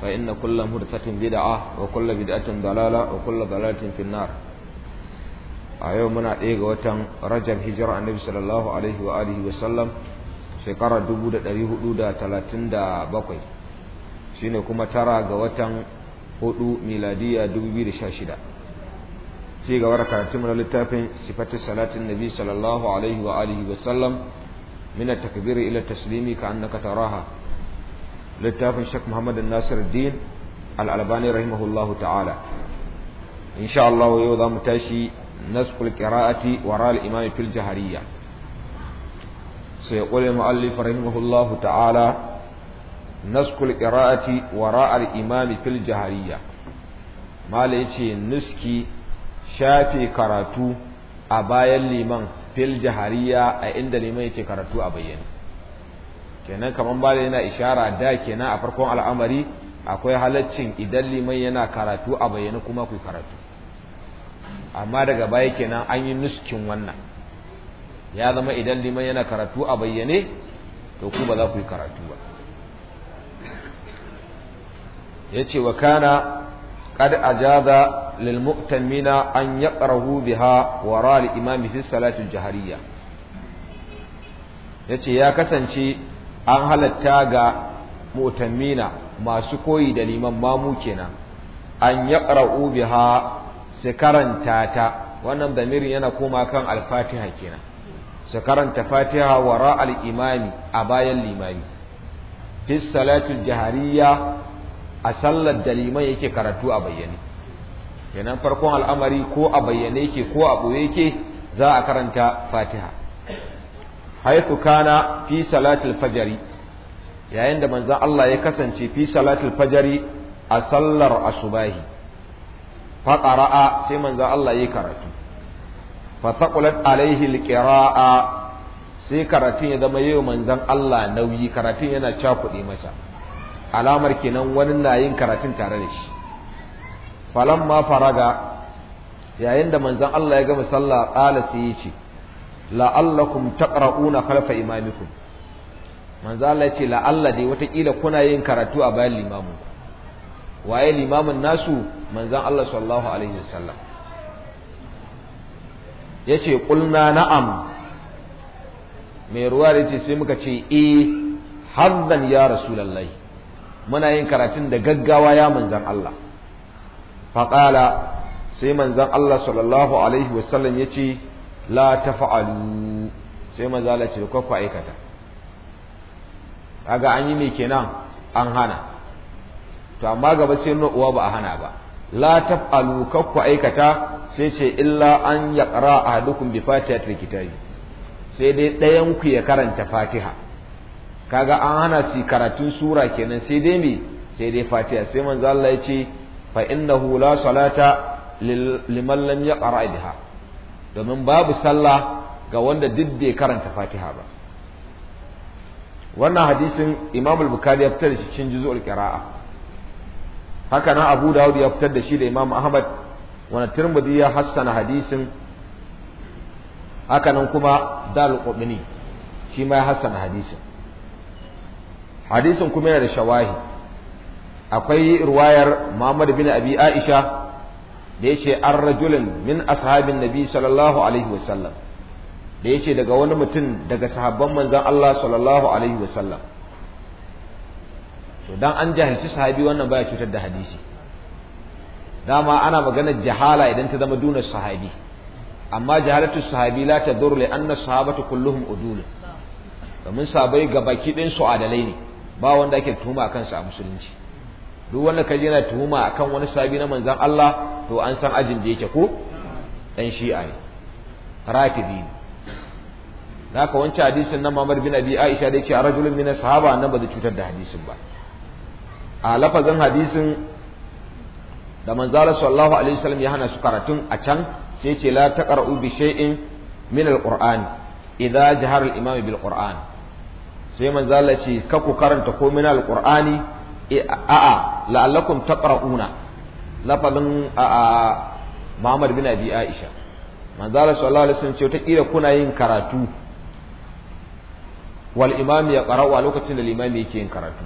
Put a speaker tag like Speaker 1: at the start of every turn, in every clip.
Speaker 1: fa inna kulla mursatin bid'a wa kulla bid'atin dalala wa kulla dalalatin fi a yau muna ɗaya ga watan rajab hijira annabi sallallahu alaihi wa alihi wa sallam shekara 1437 shine kuma tara ga watan hudu miladiya 2016 ci gaba da karatun mu na littafin sifatu salatin nabi sallallahu alaihi wa alihi wa sallam min at ila taslimi ka annaka raha. littafin Sheikh Muhammad Nasiruddin Al-Albani rahimahullahu ta'ala insha Allah yau za mu tashi nasqul qira'ati wara al-imam fil jahariyya sai qul muallif rahimahullahu ta'ala nasqul qira'ati wara al-imam fil jahariyya mala yace nuski shafe karatu a bayan liman fil jahariya a inda liman yake karatu a bayyane kenan kaman bala yana ishara da kenan a farkon al'amari akwai halaccin idan liman yana karatu a bayyana kuma ku karatu amma daga baya kenan an yi nuskin wannan ya zama idan liman yana karatu a bayyane to ku ba za ku yi karatu ba ya ce wa kana قد أجاز للمؤتمين أن يقرأوا بها وراء الإمام في الصلاة الجهرية yace ya kasance an halatta ga mutammina masu koyi da liman mamu kenan an yaqra'u biha su karanta ta wannan damirin yana koma kan alfatiha kenan su karanta fatiha wa ra'al imami a bayan limami fi salatul jahariya a sallar da liman yake karatu a bayyane kenan farkon al'amari ko a bayyane ke ko a ɓoye yake za a karanta fatiha
Speaker 2: haythu kana fi salatul fajari
Speaker 1: yayin da manzon Allah ya kasance fi salatul fajari a sallar asubahi fa qara'a sai manzon Allah ya karatu fa taqulat alaihi alqira'a sai karatun ya zama yau manzon Allah nauyi karatun yana cakuɗe masa alamar kenan wani na yin karatun tare da shi falamma faraga yayin da manzon Allah ya gama sallah qala ya ce la'allakum taqra'una khalfa imamikum manzo Allah yace la'alla dai watakila kuna yin karatu a bayan limamu waye limamin nasu manzo Allah sallallahu alaihi wasallam yace qulna na'am mai ruwa yace sai muka ce eh haddan ya rasulullahi muna yin karatun da gaggawa ya manzan Allah faqala sai manzan Allah sallallahu alaihi wasallam yace la fa’alu sai manzo Allah ce ku aikata kaga an yi me kenan an hana to amma gaba sai nuna uwa ba a hana ba la fa’alu kwakwa aikata sai ce illa an yaqra ahadukum bi fatihatil kitabi sai dai ɗayan ku ya karanta fatiha kaga an hana su karatun sura kenan sai dai me sai dai fatiha sai manzo Allah ya ce fa innahu la salata liman lam yaqra biha domin babu sallah ga wanda duk bai karanta fatiha ba wannan hadisin imam al-bukhari ya fitar da shi cikin juzul qira'a haka nan abu dawud ya fitar da shi da imam ahmad wani tirmidhi ya hassana hadisin haka nan kuma dal qubni shi ma ya hassana hadisin hadisin kuma yana da shawahi akwai ruwayar muhammad bin abi aisha da yace an rajulin min ashabin nabi sallallahu alaihi wasallam da yace daga wani mutum daga sahabban manzon Allah sallallahu alaihi wasallam to dan an jahilci sahabi wannan baya cutar da hadisi dama ana magana jahala idan ta zama dunar sahabi amma jahalatu sahabi la tadur li anna sahabatu kulluhum udul domin ga baki ɗin su adalai ne ba wanda ake tuhuma kansa a musulunci duk wanda ka yana tuhuma akan wani sabi na manzan Allah to an san ajin da yake ko dan shi'a ne rafidi ne ka wancan hadisin nan Muhammad bin Abi Aisha da yake a rajulun min sahaba nan ba zai cutar da hadisin ba a lafazin hadisin da manzara sallallahu alaihi wasallam ya hana su karatun a can sai ce la taqra'u bi shay'in min alquran idza jahara al-imam bil quran sai manzara ce ka ku karanta ko min alqurani Eh, a'a la'allakum taqra'una lafalin a'a Muhammad bin Abi Aisha manzo Allah sallallahu alaihi wasallam ce ta kira kuna yin karatu wal imam ya qara'u a lokacin da limami yake yin karatu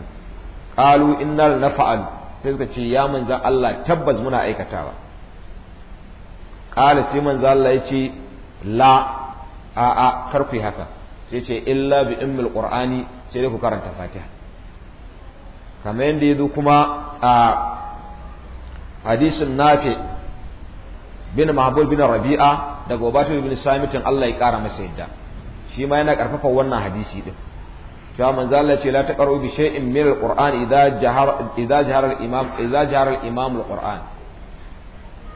Speaker 1: qalu innal nafa'al sai suka ce ya manzo Allah tabbas muna aikatawa qala sai manzo Allah ya ce la a'a kar haka sai ce illa bi ummul qur'ani sai ku karanta fatiha kamar yadda ya zo kuma a hadisin nafi bin mahabul bin rabi'a daga ubatu bin samitin Allah ya kara masa yadda shi ma yana karfafa wannan hadisi din cewa manzo Allah ce la taqaru bi shay'in min al-Qur'an idza jahara idza jahara al-imam idza jahara al-imam al-Qur'an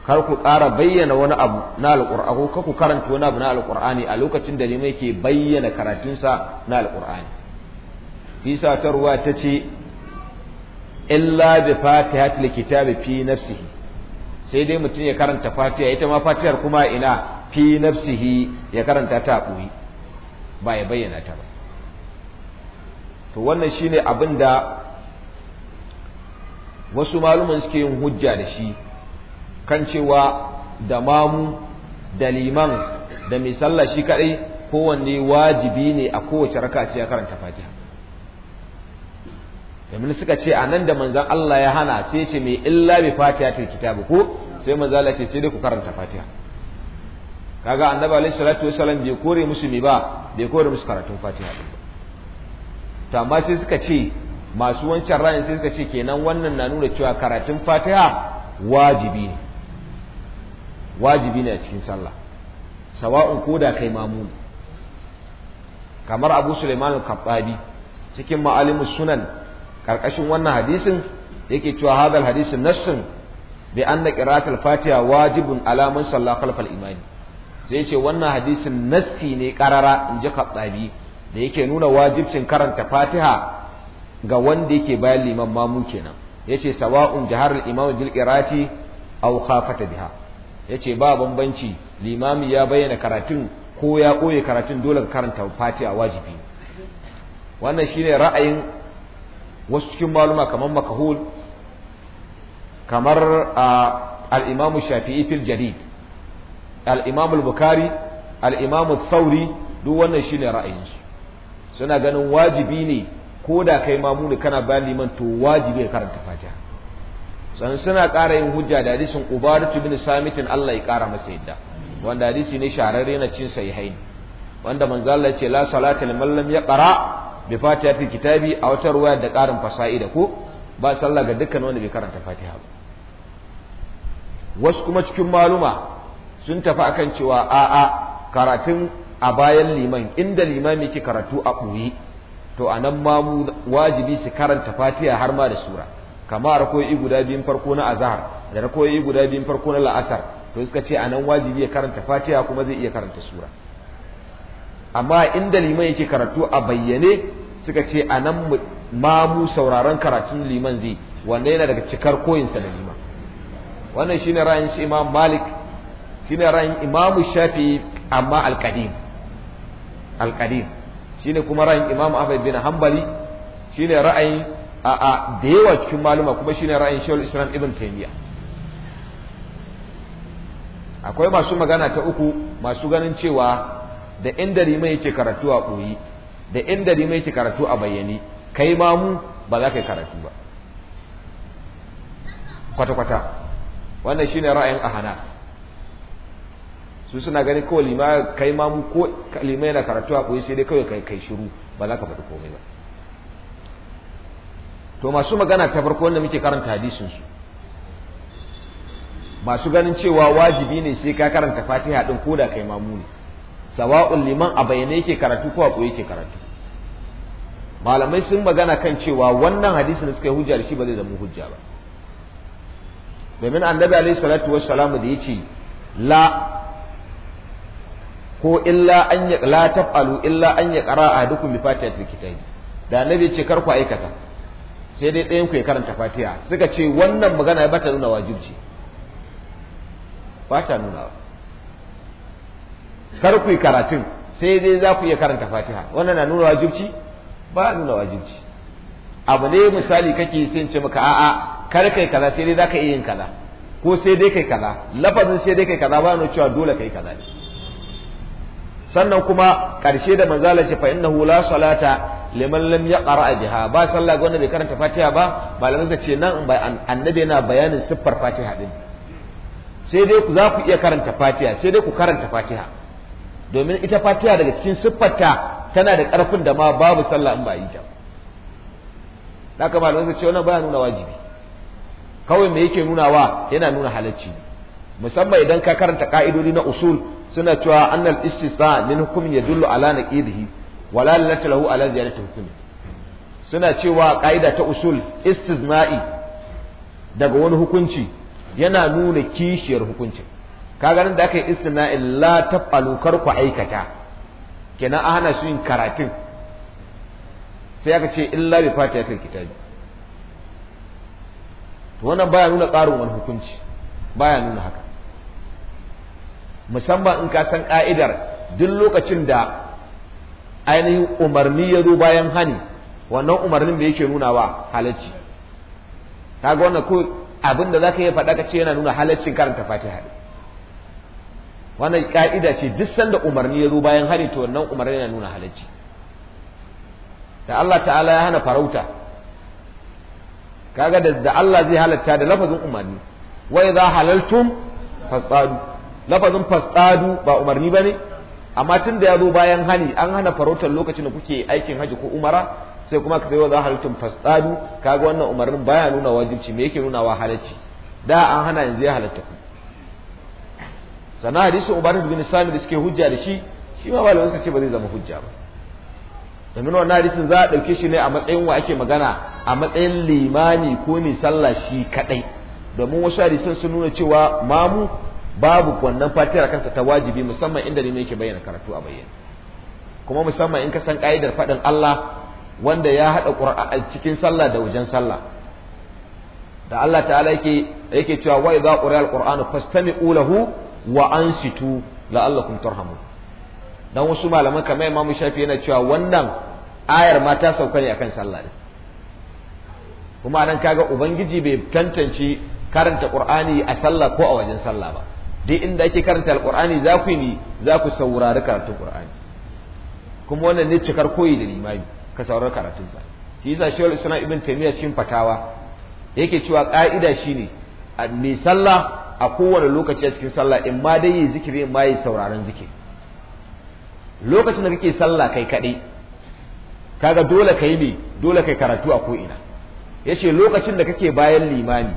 Speaker 1: kar ku ƙara bayyana wani abu na alƙur'ani, ko ka ku karanta wani abu na alƙur'ani a lokacin da limai ke bayyana karatunsa na alƙur'ani? Fisa ta ruwa ta ce illa bi fatihatil kitabi fi nafsihi sai dai mutum ya karanta fatiha ita ma fatihar kuma ina fi nafsihi ya karanta ta buyi ba ya bayyana ta ba to wannan shine abin da wasu malumin suke yin hujja da shi kan cewa da mamu da liman da misalla shi kadai kowanne wajibi ne a kowace raka sai ya karanta fatiha domin suka ce a nan da manzan Allah ya hana sai ce mai illa bi fatiha ta kitabu ko sai manzan Allah ce sai dai ku karanta fatiha kaga annabi alaihi salatu wasallam bai kore musu mi ba bai kore musu karatun fatiha din ba to amma sai suka ce masu wancan ra'ayin sai suka ce kenan wannan na nuna cewa karatun fatiha wajibi ne wajibi ne a cikin sallah sawa'un koda kai mamu kamar abu suleiman al-kabbabi cikin ma'alimus sunan karkashin wannan hadisin yake cewa hadal hadisin nassin bi anna qira'at al-fatiha wajibun ala man salla khalf al-imani sai ce wannan hadisin nassi ne karara in ji kabbabi da yake nuna wajibcin karanta fatiha ga wanda yake bayan liman mamu kenan yace sawa'un jahar al imam bil qira'ati aw khafata biha yace ba bambanci limami ya bayyana karatun ko ya koye karatun dole karanta fatiha wajibi wannan shine ra'ayin wasu cikin maluma kamar makahul kamar a imamu shafi'i fil jadid al bukari al-imamu thauri duk wannan shine ra'ayinsu suna ganin wajibi ne ko da kai mamuni kana bayan liman to wajibi ya karanta fata. sannan suna ƙara yin hujja da hadisin ubaratu bin samitin Allah ya ƙara masa yadda wanda hadisi ne shahararre na cin sahihain wanda manzo Allah ya ce la salata mallam ya yaqra bi fi kitabi a wata ruwa da karin fasa'ida ko ba sallah ga dukkan wanda bai karanta fatiha ba wasu kuma cikin maluma sun tafi akan cewa a'a karatun a bayan liman inda liman ke karatu a ɓoye to a nan mamu wajibi su karanta fatiha har ma da sura kama rakoyi guda biyun farko na azhar da rakoyi guda biyun farko na la'asar to suka ce a nan wajibi ya karanta fatiha kuma zai iya karanta sura amma inda liman yake karatu a bayyane suka ce a nan ma mu sauraron karatun liman zai wanda yana daga cikar koyinsa da liman wannan shine ra'ayin shi imam malik shine ra'ayin imam shafi amma alqadim alqadim shine kuma ra'ayin imam ahmad bin hanbali shine ra'ayin a a da yawa cikin maluma kuma shine ra'ayin shaykhul islam ibn taymiya akwai masu magana ta uku masu ganin cewa da inda rima yake karatu a ɓoyi da inda rima yake karatu a bayyane kai ma mu ba za ka yi karatu ba kwata-kwata wannan shine ra'ayin ahana su suna gani kawai lima kai ma mu ko lima yana karatu a ɓoyi sai dai kawai kai kai shiru ba za ka faɗi komai ba to masu magana ta farko wanda muke karanta hadisin su masu ganin cewa wajibi ne sai ka karanta fatiha din ko da kai mamu ne sawa'un liman a bayyane yake karatu ko a koyi yake karatu malamai sun magana kan cewa wannan hadisin da suka yi hujja da shi ba zai zama hujja ba domin annabi alaihi salatu wassalamu da yace la ko illa an ya la tafalu illa an ya qara ahadukum bi fatihatil kitabi da annabi ce kar ku aikata sai dai ɗayan ku ya karanta fatiha suka ce wannan magana ya bata nuna wajibi ba ta nuna kar ku yi karatun sai dai za ku iya karanta fatiha wannan na nuna wajibci ba nuna wajibci abu ne misali kake yi sai ce maka a'a kar kai kaza sai dai za ka iya yin kaza ko sai dai kai kaza lafazin sai dai kai kaza ba nuna cewa dole kai kaza ne sannan kuma karshe da manzala ce fa innahu la salata liman lam yaqra biha ba sallah ga wanda bai karanta fatiha ba malamai suka ce nan annabi yana bayanin siffar fatiha din sai dai ku za ku iya karanta fatiha sai dai ku karanta fatiha domin ita fatiha daga cikin siffarta tana da ƙarfin da ma babu sallah in ba yi ta da haka ce wannan baya nuna wajibi kawai me yake nunawa yana nuna halacci musamman idan ka karanta ka'idodi na usul suna cewa annal istisna min hukmin yadullu ala naqidihi wala lahu ala ziyadati hukmi suna cewa ka'ida ta usul istisna'i daga wani hukunci yana nuna kishiyar hukuncin ka ganin da aka yi istina'i la taf'alu kar ku aikata kenan a hana su yin karatun sai aka ce illa bi fatihatil kitabi to wannan baya nuna ƙarin wani hukunci baya nuna haka musamman in ka san ka'idar duk lokacin da ainihin umarni ya zo bayan hani wannan umarnin da yake nuna wa halacci kaga wannan ko abin da ka yi faɗa ka ce yana nuna halaccin karanta fatiha wannan ka'ida ce duk sanda umarni ya zo bayan hari to wannan umarni yana nuna halacci da Allah ta'ala ya hana farauta kaga da da Allah zai halatta da lafazin umarni wa idza halaltum fasadu lafazin fasadu ba umarni bane amma tun da ya zo bayan hani an hana farautar lokacin da kuke aikin haji ko umara sai kuma ka wa za halittun fasadu kaga wannan umarnin baya nuna wajibci me yake nuna wa halacci da an hana yanzu ya halatta ku sannan hadisin ubadat bin sami da suke hujja da shi shi ma malamai suka ce ba zai zama hujja ba domin wannan hadisin za a ɗauke shi ne a matsayin wa ake magana a matsayin limani ko mai sallah shi kaɗai domin wasu hadisan sun nuna cewa mamu babu wannan fatiyar kansa ta wajibi musamman inda ne yake bayyana karatu a bayyana kuma musamman in ka san ka'idar faɗin Allah wanda ya haɗa ƙur'an cikin sallah da wajen sallah da Allah ta'ala yake yake cewa wa idza quri'a al-qur'anu fastami'u lahu wa ansitu la'allakum turhamun dan wasu malaman kamar mamu Shafi yana cewa wannan ayar ma ta sauka ne akan sallah ne. kuma nan kaga ubangiji bai tantance karanta qur'ani a sallah ko a wajen sallah ba duk inda ake karanta alqur'ani za ku ni za ku saurari karatun qur'ani kuma wannan ne cikar koyi da limami ka saurari karatun sa shi yasa Shehu Islam Ibn taymiya cikin fatawa yake cewa ka'ida shine a sallah a kowane lokaci a cikin sallah in ma dai yi zikiri in ma yi sauraron zikiri lokacin da kake sallah kai kaɗai kaga dole kai ne dole kai karatu a ko'ina ya ce lokacin da kake bayan limani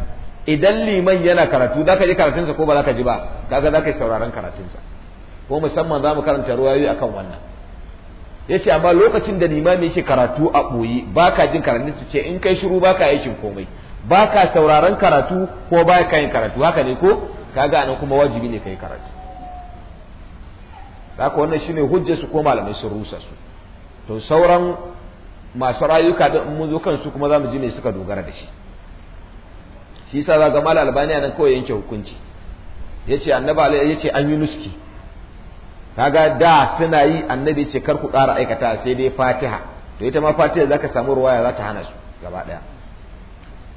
Speaker 1: idan liman yana karatu za ka ji karatunsa ko ba za ka ji ba kaga za ka yi sauraron karatunsa ko musamman za mu karanta ruwayoyi kan wannan ya ce amma lokacin da limami yake karatu a ɓoye ba ka jin karatunsa ce in kai shiru ba ka aikin komai ba ka sauraron karatu ko ba ka yin karatu haka ne ko ka gane kuma wajibi ne ka yi karatu Za ka wannan shine hujjar su ko malamai sun rusa su to sauran masu rayuka da mun zo kansu kuma mu ji ne suka dogara da shi shi za zaga mala albani nan kawai yanke hukunci Ya yace annabi Ya ce an yi nuski kaga da suna yi annabi ce kar ku ƙara aikata sai dai fatiha to ita ma fatiha za ka samu ruwaya za ta hana su gaba ɗaya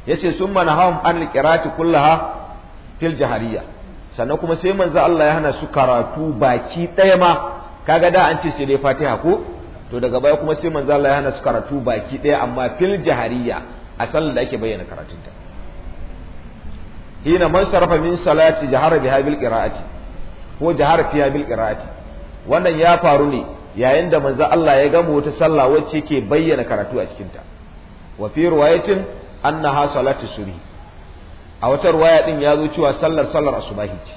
Speaker 1: yace sun manahum an kirati kullaha fil jahariya sannan kuma sai manzo Allah ya hana su karatu baki ɗaya ma kaga da an ce sai dai Fatiha ko to daga baya kuma sai manzo Allah ya hana su karatu baki ɗaya amma fil jahariya a sallar da ake bayyana karatunta hina man sarrafa min salati jahara biha bil qira'ati ko jahara fiha bil qira'ati wannan ya faru ne yayin da manzo Allah ya gama wata sallah wacce ke bayyana karatu a cikinta wa fi riwayatin annaha salatu subhi a wata ruwaya din ya zo cewa sallar sallar asubahi ce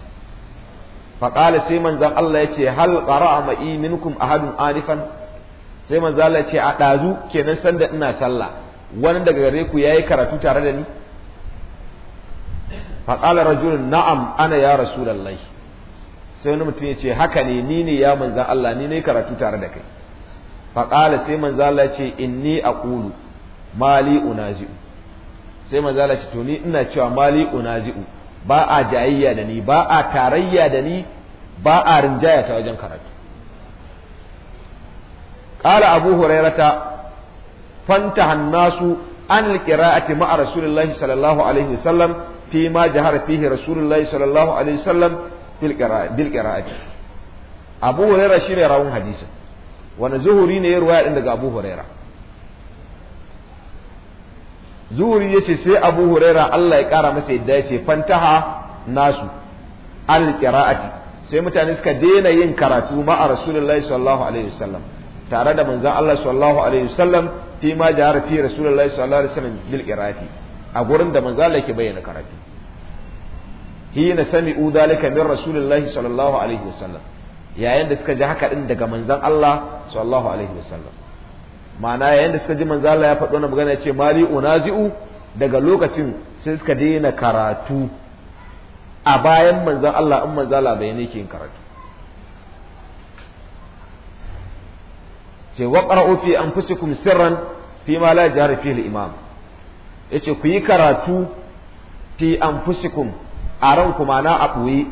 Speaker 1: fa qala sai manzon Allah yace hal qara'a ma'i minkum ahadun anifan sai manzon Allah yace ce a dazu kenan sanda ina sallah wani daga gare ku yayi karatu tare da ni fa qala rajulun na'am ana ya rasulullahi sai wani mutum ya ce haka ne ni ne ya manzon Allah ni ne karatu tare da kai fa qala sai manzon Allah yace ce inni aqulu mali unazi'u sai manzala ce to ni ina cewa mali unazi'u ba a jayayya da ni ba a tarayya da ni ba a rinjaya ta wajen karatu qala abu hurairata fanta hannasu an alqira'ati ma rasulullahi sallallahu alaihi wasallam fi ma jahara fihi rasulullahi sallallahu alaihi wasallam bil qira'ati abu hurairah shine rawun hadisi wani zuhuri ne ya ruwaya din daga abu hurairah zuhuri ya ce sai abu huraira Allah ya kara masa yadda ya ce fantaha nasu al qira'ati sai mutane suka daina yin karatu ma a rasulullahi sallallahu alaihi wasallam tare da manzon Allah sallallahu alaihi wasallam fi ma jahara fi rasulullahi sallallahu alaihi wasallam bil qira'ati a gurin da manzon Allah ke bayyana karatu hina sami'u dhalika min rasulillahi sallallahu alaihi wasallam yayin da suka ji haka din daga manzon Allah sallallahu alaihi wasallam ma'ana yayin da suka ji manzo Allah ya faɗo na magana ya ce mali unazi'u daga lokacin sai suka daina karatu a bayan manzan Allah in manzon Allah bai ne ke yin karatu ce waqra'u fi anfusikum sirran fi ma la jari fi al-imam yace ku yi karatu fi anfusikum a ku ma'ana a ɓoye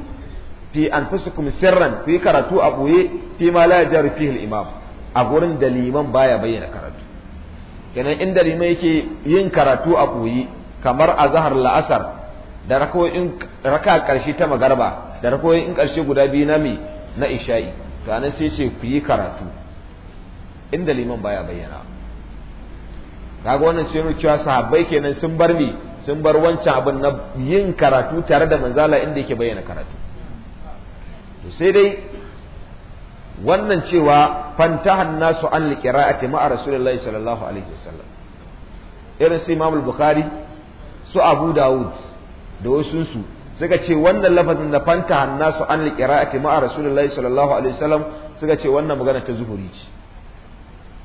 Speaker 1: fi anfusikum sirran ku yi karatu a ɓoye fi ma la jari fi al-imam a gurin da liman baya bayyana karatu kenan inda liman yake yin karatu a koyi kamar a zahar la'asar da rakoyin raka karshe ta magarba da rakoyin karshe guda biyu na mi na isha'i to anan sai ce ku yi karatu inda liman baya bayyana kaga wannan sai nuna wa sahabbai kenan sun bar mi sun bar wancan abin na yin karatu tare da manzala inda yake bayyana karatu to sai dai wannan cewa fantahan nasu an liqira'ati ma'a rasulillahi sallallahu alaihi wasallam irin su Imam Bukhari su Abu Dawud da wasu su suka ce wannan lafazin da fantahan nasu an liqira'ati ma'a rasulillahi sallallahu alaihi wasallam suka ce wannan magana ta zuhuri ce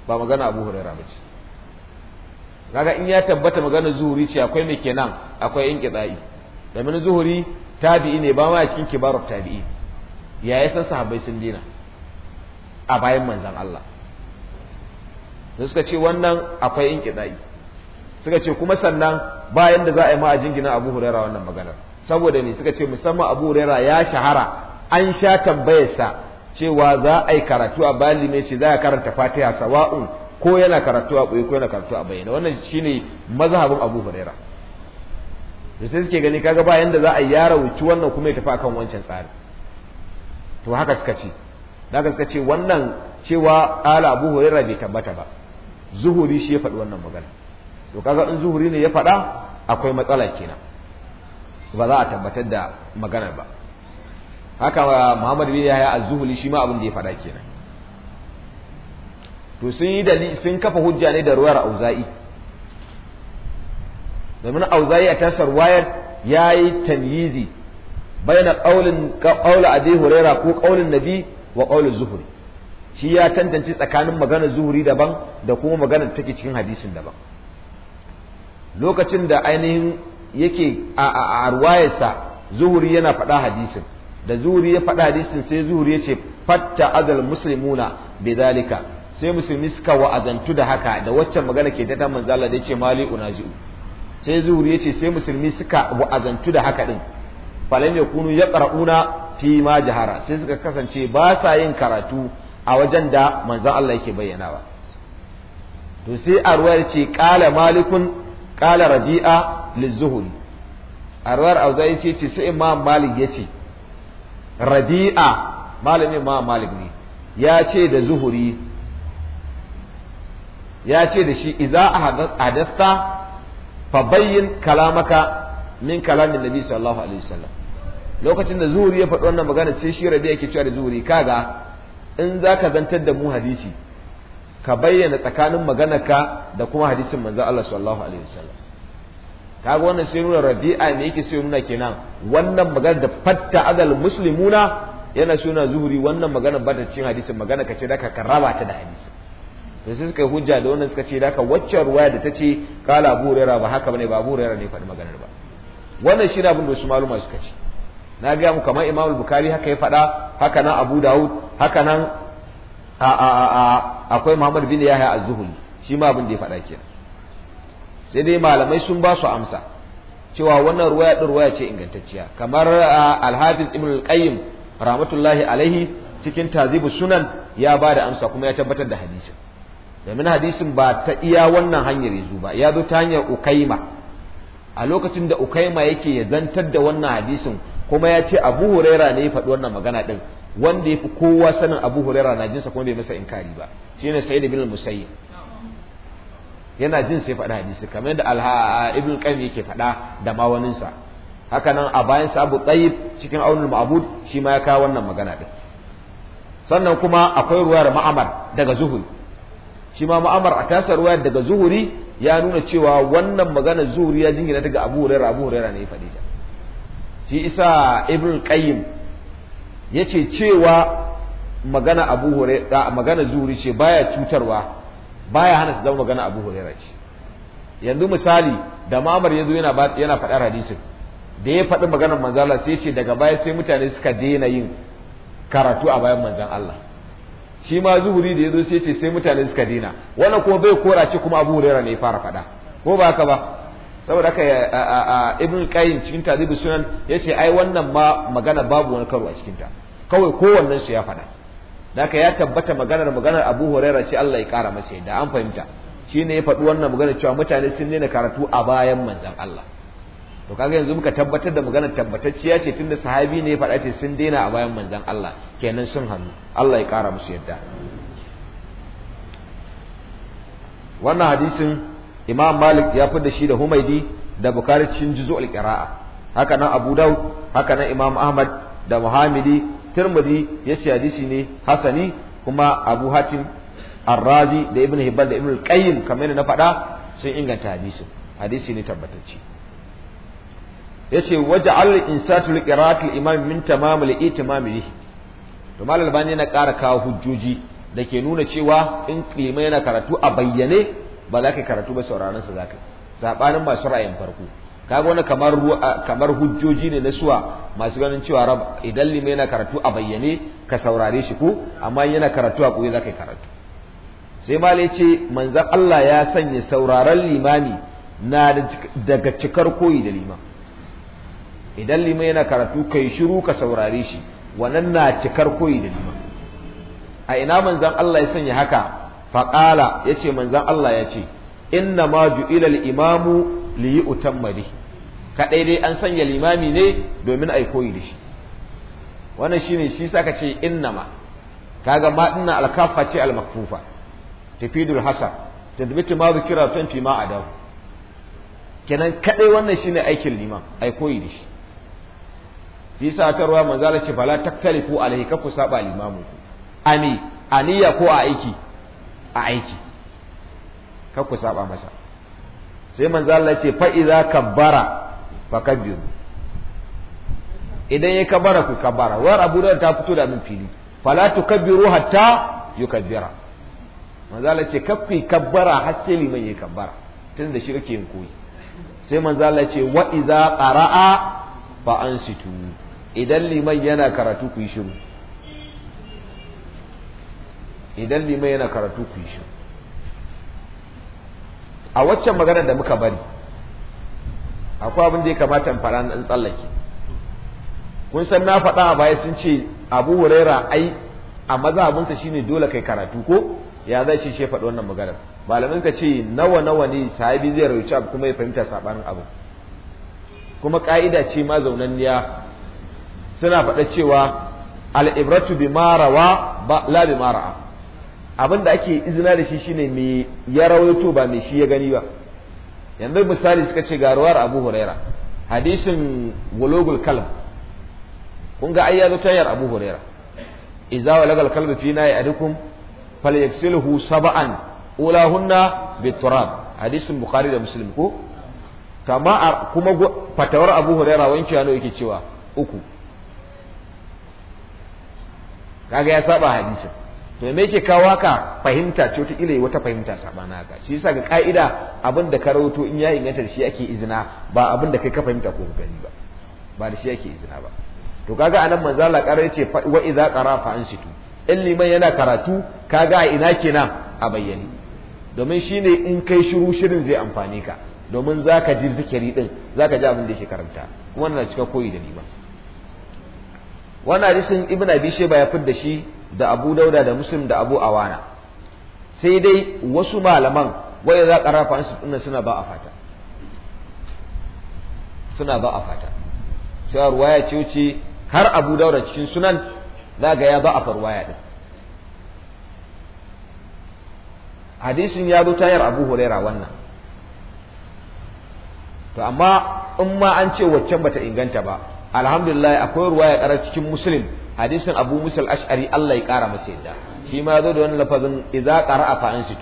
Speaker 1: ba magana Abu Hurairah ba ce kaga in ya tabbata magana zuhuri ce akwai me kenan akwai inqidai domin zuhuri tabi'i ne ba ma cikin kibarut tabi'i ya yasan sahabbai sun dina a bayan manzan Allah da suka ce wannan akwai in kiɗa'i suka ce kuma sannan bayan da za a yi ma a jingina abu hurera wannan maganar saboda ne suka ce musamman abu hurera ya shahara an sha tambayarsa cewa za a yi karatu a bali ne ce za a karanta fatiha sawa'un ko yana karatu a ɓoye ko yana karatu a bayyana wannan shine mazhabin abu hurera da sai suke gani kaga bayan da za a yi yara wuci wannan kuma ya tafi akan wancan tsari to haka suka ce da gaske ce wannan cewa ƙala abu hurairah bai tabbata ba zuhuri shi ya faɗi wannan magana to kaga in zuhuri ne ya faɗa akwai matsala kenan ba za a tabbatar da maganar ba haka uh, Muhammad bin Yahya az zuhuri shi ma abin da ya faɗa kenan to sun yi dalili sun kafa hujja ne da ruwayar Auza'i domin Auza'i a tasar wayar yayi tanyizi bayan qaulin qaul Abi Hurairah ko qaulin Nabi wa qawlu zuhri shi ya tantance tsakanin maganar zuhuri daban da kuma maganar take cikin hadisin daban lokacin da ainihin yake a arwayarsa zuhuri yana faɗa hadisin da zuhuri ya faɗa hadisin sai zuhuri ya ce fatta azal muslimuna bidalika sai musulmi suka wa'azantu da haka da waccan magana ke ta manzo Allah da yace mali unaji'u sai zuhuri ya ce sai musulmi suka wa'azantu da haka din kunu ya yaqra'una fi ma jahara sai suka kasance ba sa yin karatu a wajen da manzon Allah yake bayyanawa to sai arwayar ce kala malikun kala rabi'a lizuhuri arwayar auzai ce ce sai imam malik ce rabi'a malamin ma malik ne ya ce da zuhuri ya ce da shi a hadasta fa bayyin kalamaka min kalamin nabi sallallahu alaihi wasallam lokacin da zuhuri ya faɗi wannan magana sai shi rabi yake cewa da zuhuri kaga in za ka zantar da mu hadisi ka bayyana tsakanin ka da kuma hadisin manzo Allah sallallahu alaihi wasallam kaga wannan sai nuna rabi'a ne yake sai nuna kenan wannan magana da fatta azal muslimuna yana suna zuhuri wannan magana ba ta cin hadisin magana ka ce da ka karaba ta da hadisi da su suka yi hujja da wannan suka ce da ka wacce ruwaya da ta ce kala abu ba haka bane ba abu ne faɗi maganar ba wannan shi na abin da wasu maluma suka ce na ga mu kamar Imam Al-Bukari haka ya faɗa haka nan Abu Dawud haka nan akwai Muhammad bin Yahya az-Zuhri shi ma abin da ya faɗa kenan sai dai malamai sun ba su amsa cewa wannan ruwaya din ruwaya ce ingantacciya kamar al-Hafiz Ibn al rahmatullahi alaihi cikin tazibu sunan ya ba da amsa kuma ya tabbatar da hadisin domin hadisin ba ta iya wannan hanyar yanzu ba ya zo ta hanyar ukaima a lokacin da ukaima yake ya zantar da wannan hadisin kuma ya ce abu huraira ne ya faɗi wannan magana ɗin wanda ya fi kowa sanin abu huraira na jinsa kuma bai masa inkari ba shi ne da bin musayi yana jin sai faɗa hadisi kamar yadda alha ibn qayyim yake faɗa da ma Hakanan a bayan sa abu cikin aunul ma'bud shi ma ya kawo wannan magana ɗin sannan kuma akwai ruwayar ma'amar daga zuhuri shi ma ma'amar a tasa ruwayar daga zuhuri ya nuna cewa wannan magana zuhuri ya jingina daga abu huraira abu huraira ne ya faɗi ta shi isa ibn qayyim yace cewa magana abu hurairah magana zuri ce baya cutarwa baya hana su zama magana abu hurairah ce yanzu misali da mamar yazo yana yana faɗar hadisin da ya faɗi maganar Allah sai ce daga baya sai mutane suka daina yin karatu a bayan manzan Allah shi ma zuhuri da ya zo sai ce sai mutane suka daina wannan kuma bai kora ce kuma abu hurairah ne ya fara faɗa ko ba haka ba saboda haka eh, eh, eh, ibn qayyim cikin tazibu sunan yace ai wannan ma magana babu wani karo a cikin ta kawai kowannen su ya faɗa haka ya tabbata maganar maganar Abu huraira ce Allah ya kara masa yadda an fahimta shine ya faɗi wannan magana cewa mutane sun nena karatu a bayan manzon Allah to kaga yanzu muka tabbatar da maganar tabbatacciya ce tunda sahabi ne ya faɗa ce sun daina a bayan manzon Allah kenan sun hannu Allah ya kara musu yadda wannan hadisin imam malik ya fi da shi da humaidi da bukari cikin juzu al-qira'a haka nan abu daud haka nan imam ahmad da muhammadi tirmidhi yace hadisi ne hasani kuma abu hatim ar-razi da ibn hibban da ibn qayyim kamar na faɗa sun inganta hadisi hadisi ne tabbatacce yace waja'al insatu liqira'ati al-imam min tamam al-itimamihi to malal bani yana ƙara kawo hujjoji da ke nuna cewa in kima yana karatu a bayyane ba za ka karatu ba sauraron su zaka sabanin masu ra'ayin farko kaga wani kamar kamar hujjoji ne na suwa masu ganin cewa rab idan lima yana karatu a bayyane ka saurare shi ko amma yana karatu a koyi zaka karatu sai ma ce manzon Allah ya sanya sauraron limami na daga cikar koyi da lima idan lima yana karatu kai shiru ka saurare shi wannan na cikar koyi da lima a ina manzon Allah ya sanya haka faƙala ya ce manzan Allah ya ce inna ma ju'ilal imamu li yi utammari ka dai an sanya limami ne domin a koyi da shi wannan shi ne shi saka ce inna ma kaga ma ina alkafa ce almakfufa tafidul hasar tadbitu ma tun fi ma adahu kenan kaɗai wannan shine aikin liman yi koyi da shi shi sa ta ruwa manzala ce fala taktalifu alaihi kaku saba limamu ani aniya ko a aiki a aiki kar ku saba masa sai manzo Allah ya ce fa idza kabbara kabbiru idan ya kabbara ku kabbara war abu da ta fito da min fili fala tukabbiru hatta yukabbira manzo Allah ce kaffi kabbara har sai liman ya kabbara tun da shi kake yin koyi sai manzo Allah ce wa idza qara'a fa ansitu idan liman yana karatu ku yi shiru idan liman yana karatu ku yi shi a waccan maganar da muka bari akwai abin da ya kamata in fara in tsallake kun san na faɗa a baya sun ce abu wuraira ai a shi ne dole kai karatu ko ya zai shi shefa wannan maganar malamin ka ce nawa nawa ne sahabi zai rauci abu kuma ya fahimta sabanin abu kuma ka'ida ce ma zaunanniya suna faɗa cewa al'ibratu bi marawa ba la bi mara'a abin da ake izina da shi shine mai ya rawaito ba mai shi ya gani ba yanzu misali suka ce ga ruwar Abu Huraira hadisin gulogul kalam kun ga ai zo Abu Huraira idza walagal kalbu fi nayi adukum falyaksilhu sab'an ulahunna biturab hadisin bukari da muslim ko kama kuma fatawar Abu Huraira wanki ano yake cewa uku kaga ya saba hadisin to me yake kawo haka fahimta ce wata kila wata fahimta sabana ga shi yasa ga ka'ida abin da ka rawuto in ya inganta shi ake izina ba abin da kai ka fahimta ko gani ba ba da shi ake izina ba to kaga anan manzo Allah kare yace wa idza qara fa ansitu in liman yana karatu kaga a ina kenan a bayyane domin shine in kai shiru shirin zai amfane ka domin zaka ji zikiri din zaka ji abin da yake karanta kuma wannan cika koyi da ni ba wannan hadisin ibnu abi shayba ya fidda shi da abu dauda da muslim da abu awana sai dai wasu malaman waya za ƙarafa su suna ba a fata suna ba a fata cewa ruwaya ce wuce har abu dauda cikin sunan za ga ya ba a farwaya din hadisin ya zo tayar abu huraira wannan to amma in ma an ce waccan bata inganta ba alhamdulillah akwai ruwaya ƙarar cikin muslim hadisin abu musa ashari Allah ya kara masa yadda shi ma zo da wani lafazin a kara a ansitu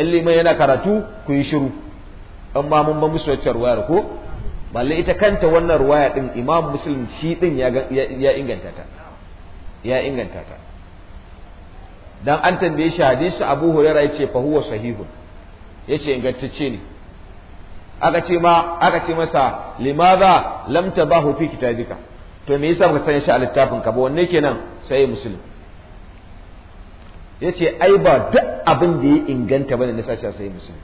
Speaker 1: in liman yana karatu ku yi shiru amma mun ba musu wacce ruwayar ko balle ita kanta wannan ruwaya din imam muslim shi din ya inganta ta ya inganta ta dan an tambaye shi hadisi abu hurairah yace fa huwa sahihun yace ingantacce ne aka ce ma aka ce masa limadha lam tabahu fi kitabika to me yasa baka sanya shi a littafin ka ba wanne kenan sai Ya yace ai ba duk abin da ya inganta bane na sashi sai Ya muslim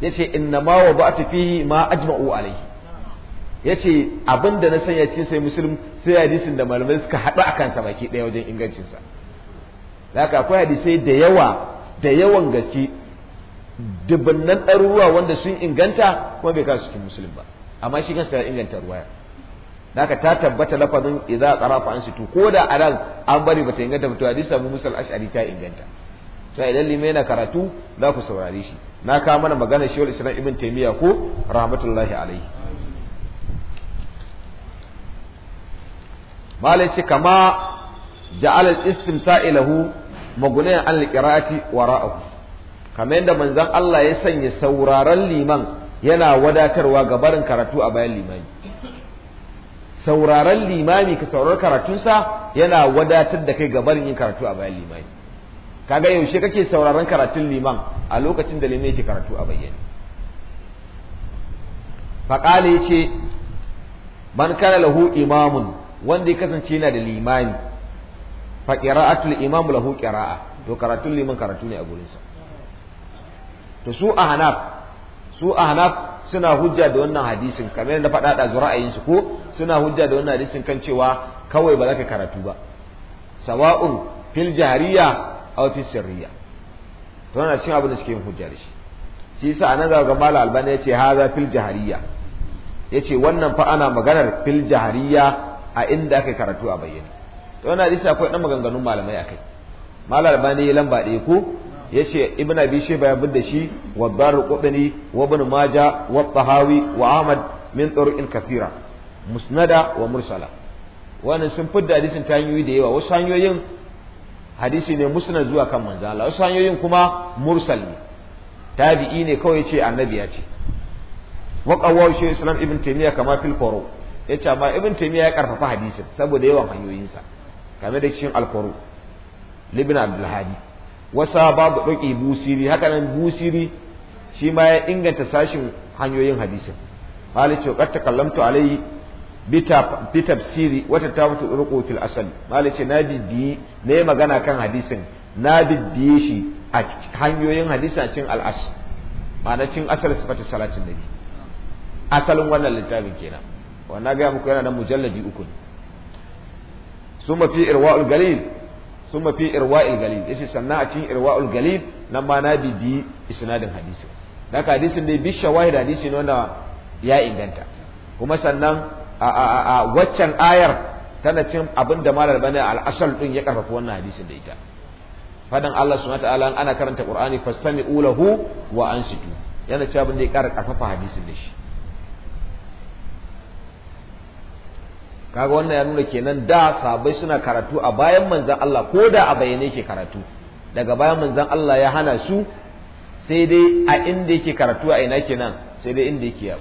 Speaker 1: yace inna ma wa ba'tu fihi ma ajma'u alayhi yace abin da na sanya cikin sai musulmi sai hadisin da malamai suka haɗu a kansa baki ɗaya wajen ingancinsa haka akwai hadisai da yawa da yawan gaske dubbannan ɗaruruwa wanda sun inganta kuma bai kasu cikin musulun ba amma shi kansa ya inganta ruwaya haka ta tabbata lafazin idza qarafa an situ ko da anan an bari bata inganta to hadisi Abu Musa al-Ash'ari ta inganta to idan limai na karatu za ku saurare shi na kawo mana magana shi Islam Ibn Taymiyyah ko rahmatullahi alaihi malai ce kama ja'al al ism ilahu magunayan al-qira'ati wara'ahu kamar yadda manzon Allah ya sanya sauraron liman yana wadatarwa ga barin karatu a bayan limani sauraron limami ka saurari karatunsa yana wadatar da kai gabarin yin karatu a bayan limami kaga yaushe kake sauraron karatun liman a lokacin da limai ke karatu a bayyane faƙali ya ce man kana lahu imamun wanda ya kasance yana da limami fa qira'atul imamu lahu qira'a to karatun liman karatu ne a gurinsa to su hanaf su hanaf suna hujja da wannan hadisin kamar yadda faɗa da ra'ayin su ko suna hujja da wannan hadisin kan cewa kawai ba za ka karatu ba sawa'un fil jahriya aw sirriya to wannan shi abin da suke yin hujja da shi shi yasa anan ga Malam Albani yace haza fil Ya yace wannan fa ana maganar fil a inda aka karatu a bayyane to wannan hadisi akwai dan maganganun malamai akai Malam Albani ya lamba ɗaya ko yace ibn abi shayba ya da shi wa darqutni wa ibn maja wa tahawi wa ahmad min turuqin kafira, musnada wa mursala wannan sun fidda hadisin ta hanyoyi da yawa wasu hanyoyin hadisi ne musnad zuwa kan manzo Allah wasu hanyoyin kuma mursal ne tabi'i ne kawai ce annabi ya ce wa qawwal shaykh islam ibn taymiya kama fil furu yace amma ibn taymiya ya karfafa hadisin saboda yawan hanyoyinsa game da cikin al-furu libna abdul hadi wasa babu ɗauki busiri haka nan busiri shi ma ya inganta sashin hanyoyin hadisin malik ce ta kallamtu alayhi bi tafsiri wata ta mutu fil asal malik ce na bibbi ne magana kan hadisin na bibbiye shi a hanyoyin hadisin a cikin al'as ma'ana cin asal sifatu salatin nabi asalin wannan littafin kenan wannan ga muku yana da mujalladi uku ne summa fi irwa'ul galil sun mafi irwa'il galil yace sannan a cikin irwa'ul galil nan ma na bibi isnadin hadisin da hadisin dai bi shawahid hadisi ne wanda ya inganta kuma sannan a waccan ayar tana cin abin da malar bane al-asal din ya karfafa wannan hadisin da ita fadan Allah subhanahu ta'ala ana karanta Qur'ani fastami'u lahu wa ansitu yana cewa abin da ya kara karfafa hadisin da shi kaga wannan ya nuna kenan da sabai suna karatu a bayan manzan Allah ko da a bayyane ke karatu daga bayan manzan Allah ya hana su sai dai a inda yake karatu a ina kenan sai dai inda yake ya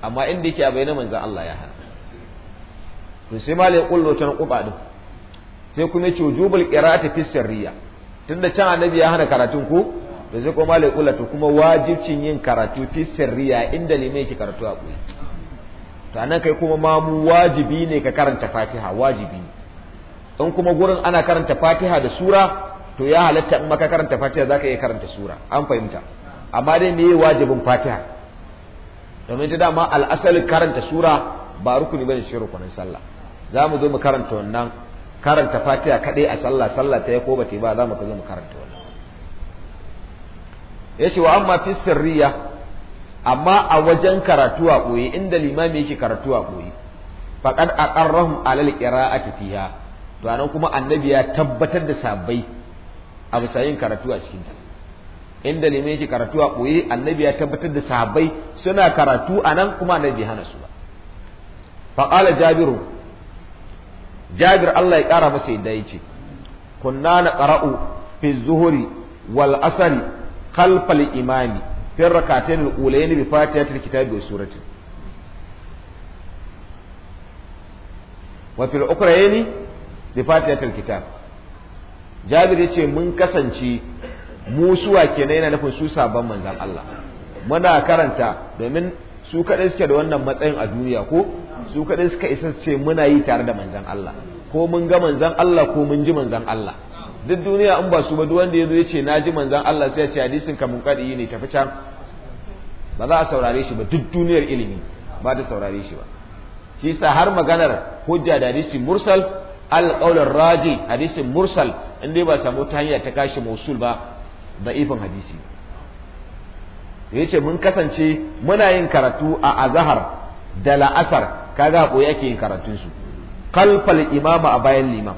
Speaker 1: amma inda yake a bayyane manzan Allah ya hana to sai malai ya kullo ta kuba din sai kuma ce wujubul qira'ati fi sirriya tunda can annabi ya hana karatun ko to sai kuma malai kulla to kuma wajibcin yin karatu fi sirriya inda limai yake karatu a ɓoye to anan kai kuma mu wajibi ne ka karanta fatiha wajibi ne in kuma gurin ana karanta fatiha da sura to ya halatta in maka karanta fatiha zaka iya karanta sura an fahimta amma dai me wajibin fatiha domin ta dama al'asali karanta sura ba rukuni bane shi rukunin sallah za mu zo mu karanta wannan karanta fatiha kaɗai a sallah sallah ta yi ko ba ta ba za mu zo mu karanta wannan yace wa amma fi sirriya amma a wajen karatu a ɓoye inda limami yake karatu a ɓoye faƙad a ƙarrahun alal a fiha to anan kuma annabi ya tabbatar da sabbai a bisa yin karatu a cikinta inda limami yake karatu a ɓoye annabi ya tabbatar da sabbai suna karatu a nan kuma annabi hana su ba faƙala jabiru jabir Allah ya ƙara masa yadda ya ce kunna na ƙara'u fi zuhuri wal asari khalfal imani fi rak'atayn al-ulayn bi fatihatil kitabi wa surati wa fil ukrayni bi fatihatil kitab Jabir yace mun kasance mu suwa kenan yana nufin su sabon manzan Allah muna karanta domin su kaɗai suke da wannan matsayin a duniya ko su kaɗai suka isa su ce muna yi tare da manzan Allah ko mun ga manzan Allah ko mun ji manzan Allah duk duniya in ba su ba duk wanda ce na naji manzon Allah sai ya ce hadisin ka munqadi ne tafi can ba za a saurare shi ba duk duniyar ilimi ba ta saurare shi ba shi yasa har maganar hujja da hadisin mursal al raji hadisin mursal in dai ba samu ta hanya ta kashi mausul ba da'ifin hadisi Ya ce mun kasance muna yin karatu a azahar da la'asar kaga koyi ake yin karatun su kalfal imama a bayan limam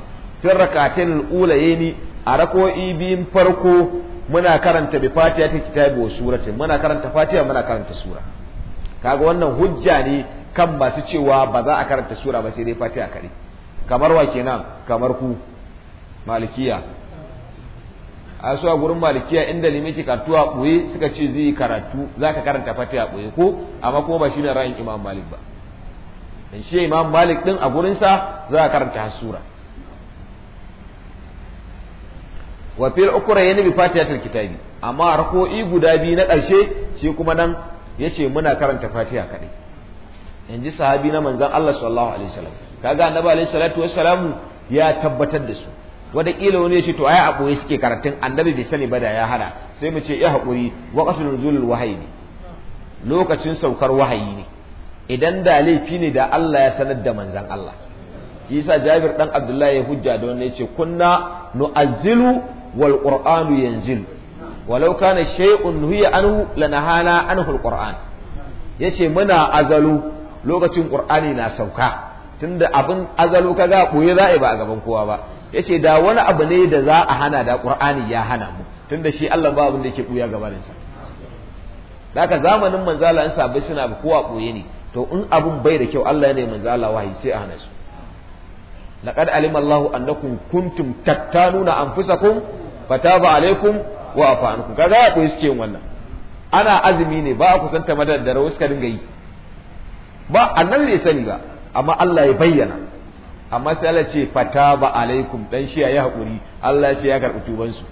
Speaker 1: fil rakatin ulayaini a rako'i biyun farko muna karanta bi fatiha ta kitabi wa suratin muna karanta fatiha muna karanta sura kaga wannan hujja ne kan masu cewa ba za a karanta sura ba sai dai fatiha kare kamar wa kenan kamar ku malikiya a su a gurin malikiya inda limi ke karatu a ɓoye suka ce zai karatu za ka karanta fatiha a ɓoye ko amma kuma ba shi ne ra'ayin imam malik ba in shi imam malik din a gurinsa za a karanta har sura wa fil yana bi fatihatil kitabi amma rako'i guda biyu na ƙarshe shi kuma nan yace muna karanta fatiha kadai yanzu sahabi na manzon Allah sallallahu alaihi wasallam kaga annabi alaihi salatu wassalam ya tabbatar da su wanda kila wani yace to ai abu boye suke karatun annabi bai sani ba da ya hada sai mu ce ya hakuri waqtul nuzulul wahyi ne lokacin saukar wahayi ne idan da laifi ne da Allah ya sanar da manzon Allah shi yasa Jabir dan abdullah ya hujja da wannan yace kunna nu'azzilu wal qur'anu yanzil walau kana shay'un nuhiya anhu lanahana anhu al qur'an yace muna azalu lokacin qur'ani na sauka tunda abin azalu kaga boye za'i ba a gaban kowa ba yace da wani abu ne da za a hana da qur'ani ya hana mu tunda shi Allah ba abin da yake buya gabanin sa haka zamanin manzala in sabai suna kowa boye ne to in abin bai da kyau Allah ne manzala wahayi sai a hana su laqad alima Allahu annakum kuntum tattanuna anfusakum fataba alaikum wa afa Ka za ya koyi suke yin wannan ana azumi ne ba a kusanta madar wasu ka dinga yi ba annabi ne sani ba amma Allah ya bayyana amma sai Allah ce fataba alaikum dan shi ya yi hakuri Allah ya ce ya karɓi tubansu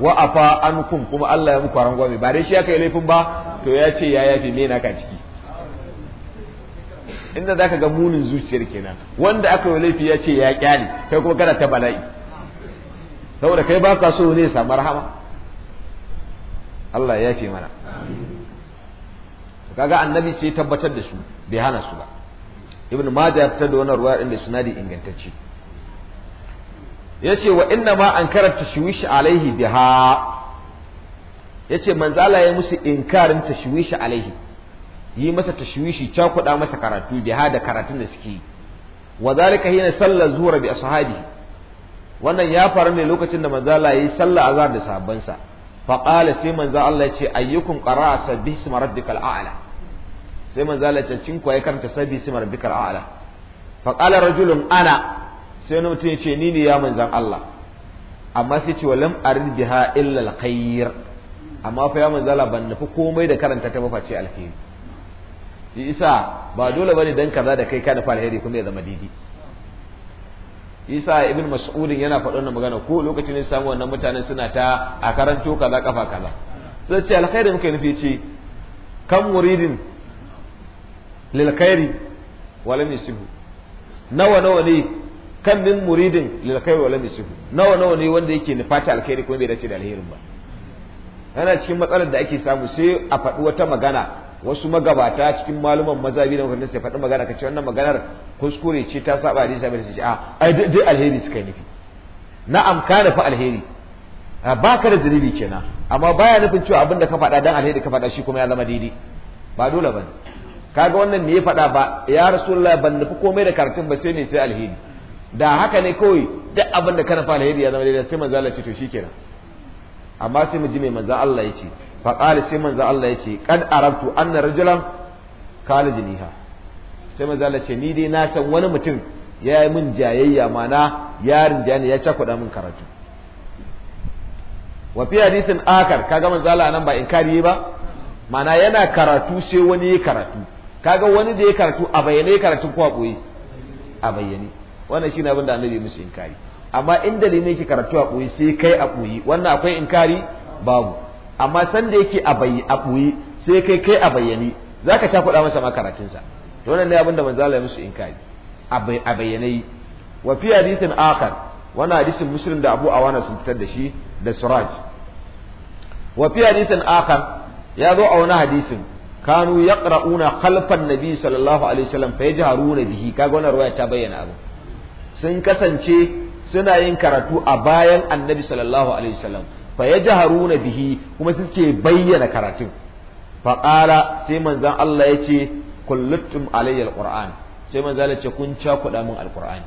Speaker 1: wa afa ankum kuma Allah ya muku rangwame ba dai shi ya kai laifin ba to ya ce ya yafi me naka ciki inda zaka ga munin zuciyar kenan wanda aka yi laifi ya ce ya kyale kai kuma kana ta bala'i saboda kai baka so ne samu rahama Allah ya yafe mana kaga annabi sai tabbatar da su bai hana su ba ibn majah ya fitar da wannan ruwa din da sunadi ingantacce yace wa inna ma ankara tashwish alaihi biha yace manzala ya musu inkarin tashwish alaihi yi masa tashwishi cakuɗa masa karatu biha da karatun da suke yi wa zalika hina sallar zuhra bi ashabihi wannan ya faru ne lokacin da manzo Allah yayi sallah azhar da sahabbansa fa qala sai manzo Allah ya ce ayyukum qara'a sabbi isma rabbikal a'la sai manzo Allah ya ce cin kwaye karanta sabbi isma rabbikal a'la fa qala rajulun ana sai wani mutum ya ce ni ne ya Manzan Allah amma sai ce walam arid biha illa alkhair amma fa ya manzo Allah ban nufi komai da karanta ta ba face alkhairi isa ba dole bane dan kaza da kai ka nufi alheri kuma ya zama daidai isa ibn mas'udin yana na magana ko lokacin da samu wannan mutanen suna ta a karanto kaza kafa kaza sai ce alkhairi muka nufi ce kan muridin lil khairi wa lam nawa nawa ne kan min muridin lil khairi wa lam nawa nawa ne wanda yake ta alkhairi kuma bai dace da alherin ba yana cikin matsalar da ake samu sai a faɗi wata magana wasu magabata cikin maluman biyu da mukan sai faɗi magana Ka ce wannan maganar kuskure ce ta saba hadisi abin sai a ai alheri suka yi nufi na'am ka nufi alheri ah, ba ka da zunubi kenan amma baya nufin cewa abin da ka faɗa dan alheri ka faɗa shi kuma ya zama daidai ba dole ba kaga wannan me ya faɗa ba ya rasulullahi ban nufi komai da karatun ba sai ne sai alheri da haka ne kawai duk abin da ka fa alheri ya zama daidai sai manzo Allah ce to shikenan amma sai mu ji me manzo Allah ya ce fa qala sai manzo Allah yace kad arabtu anna rajulan kala jiniha sai manzo Allah ce ni dai na san wani mutum ya yi min jayayya mana yarin jani ya cakuɗa min karatu wa fi hadisin akar kaga manzo Allah nan ba inkari ba mana yana karatu sai wani ya karatu kaga wani da ya karatu a bayyane karatu ko a boye a bayyane wannan shine abin da annabi musu inkari amma in dalilin yake karatu a boye sai kai a boye wannan akwai inkari babu amma san da yake a bayi a buyi sai kai kai a bayyane zaka ka faɗa masa makaratun sa to wannan ne abin da manzala ya musu inkari a bayyanai wa fi hadithin akhar wannan hadisin muslim da Abu Awana sun fitar da shi da Suraj wa fi hadithin akhar ya zo a wani hadisin kanu yaqra'una khalfan nabi sallallahu alaihi wasallam fa yajharuna bihi kaga wannan ruwaya ta bayyana abu sun kasance suna yin karatu a bayan annabi sallallahu alaihi wasallam fa haruna bihi kuma suke bayyana karatun fa sai manzon Allah yace kullutum alayya alquran sai manzon Allah ce kun cakuda min don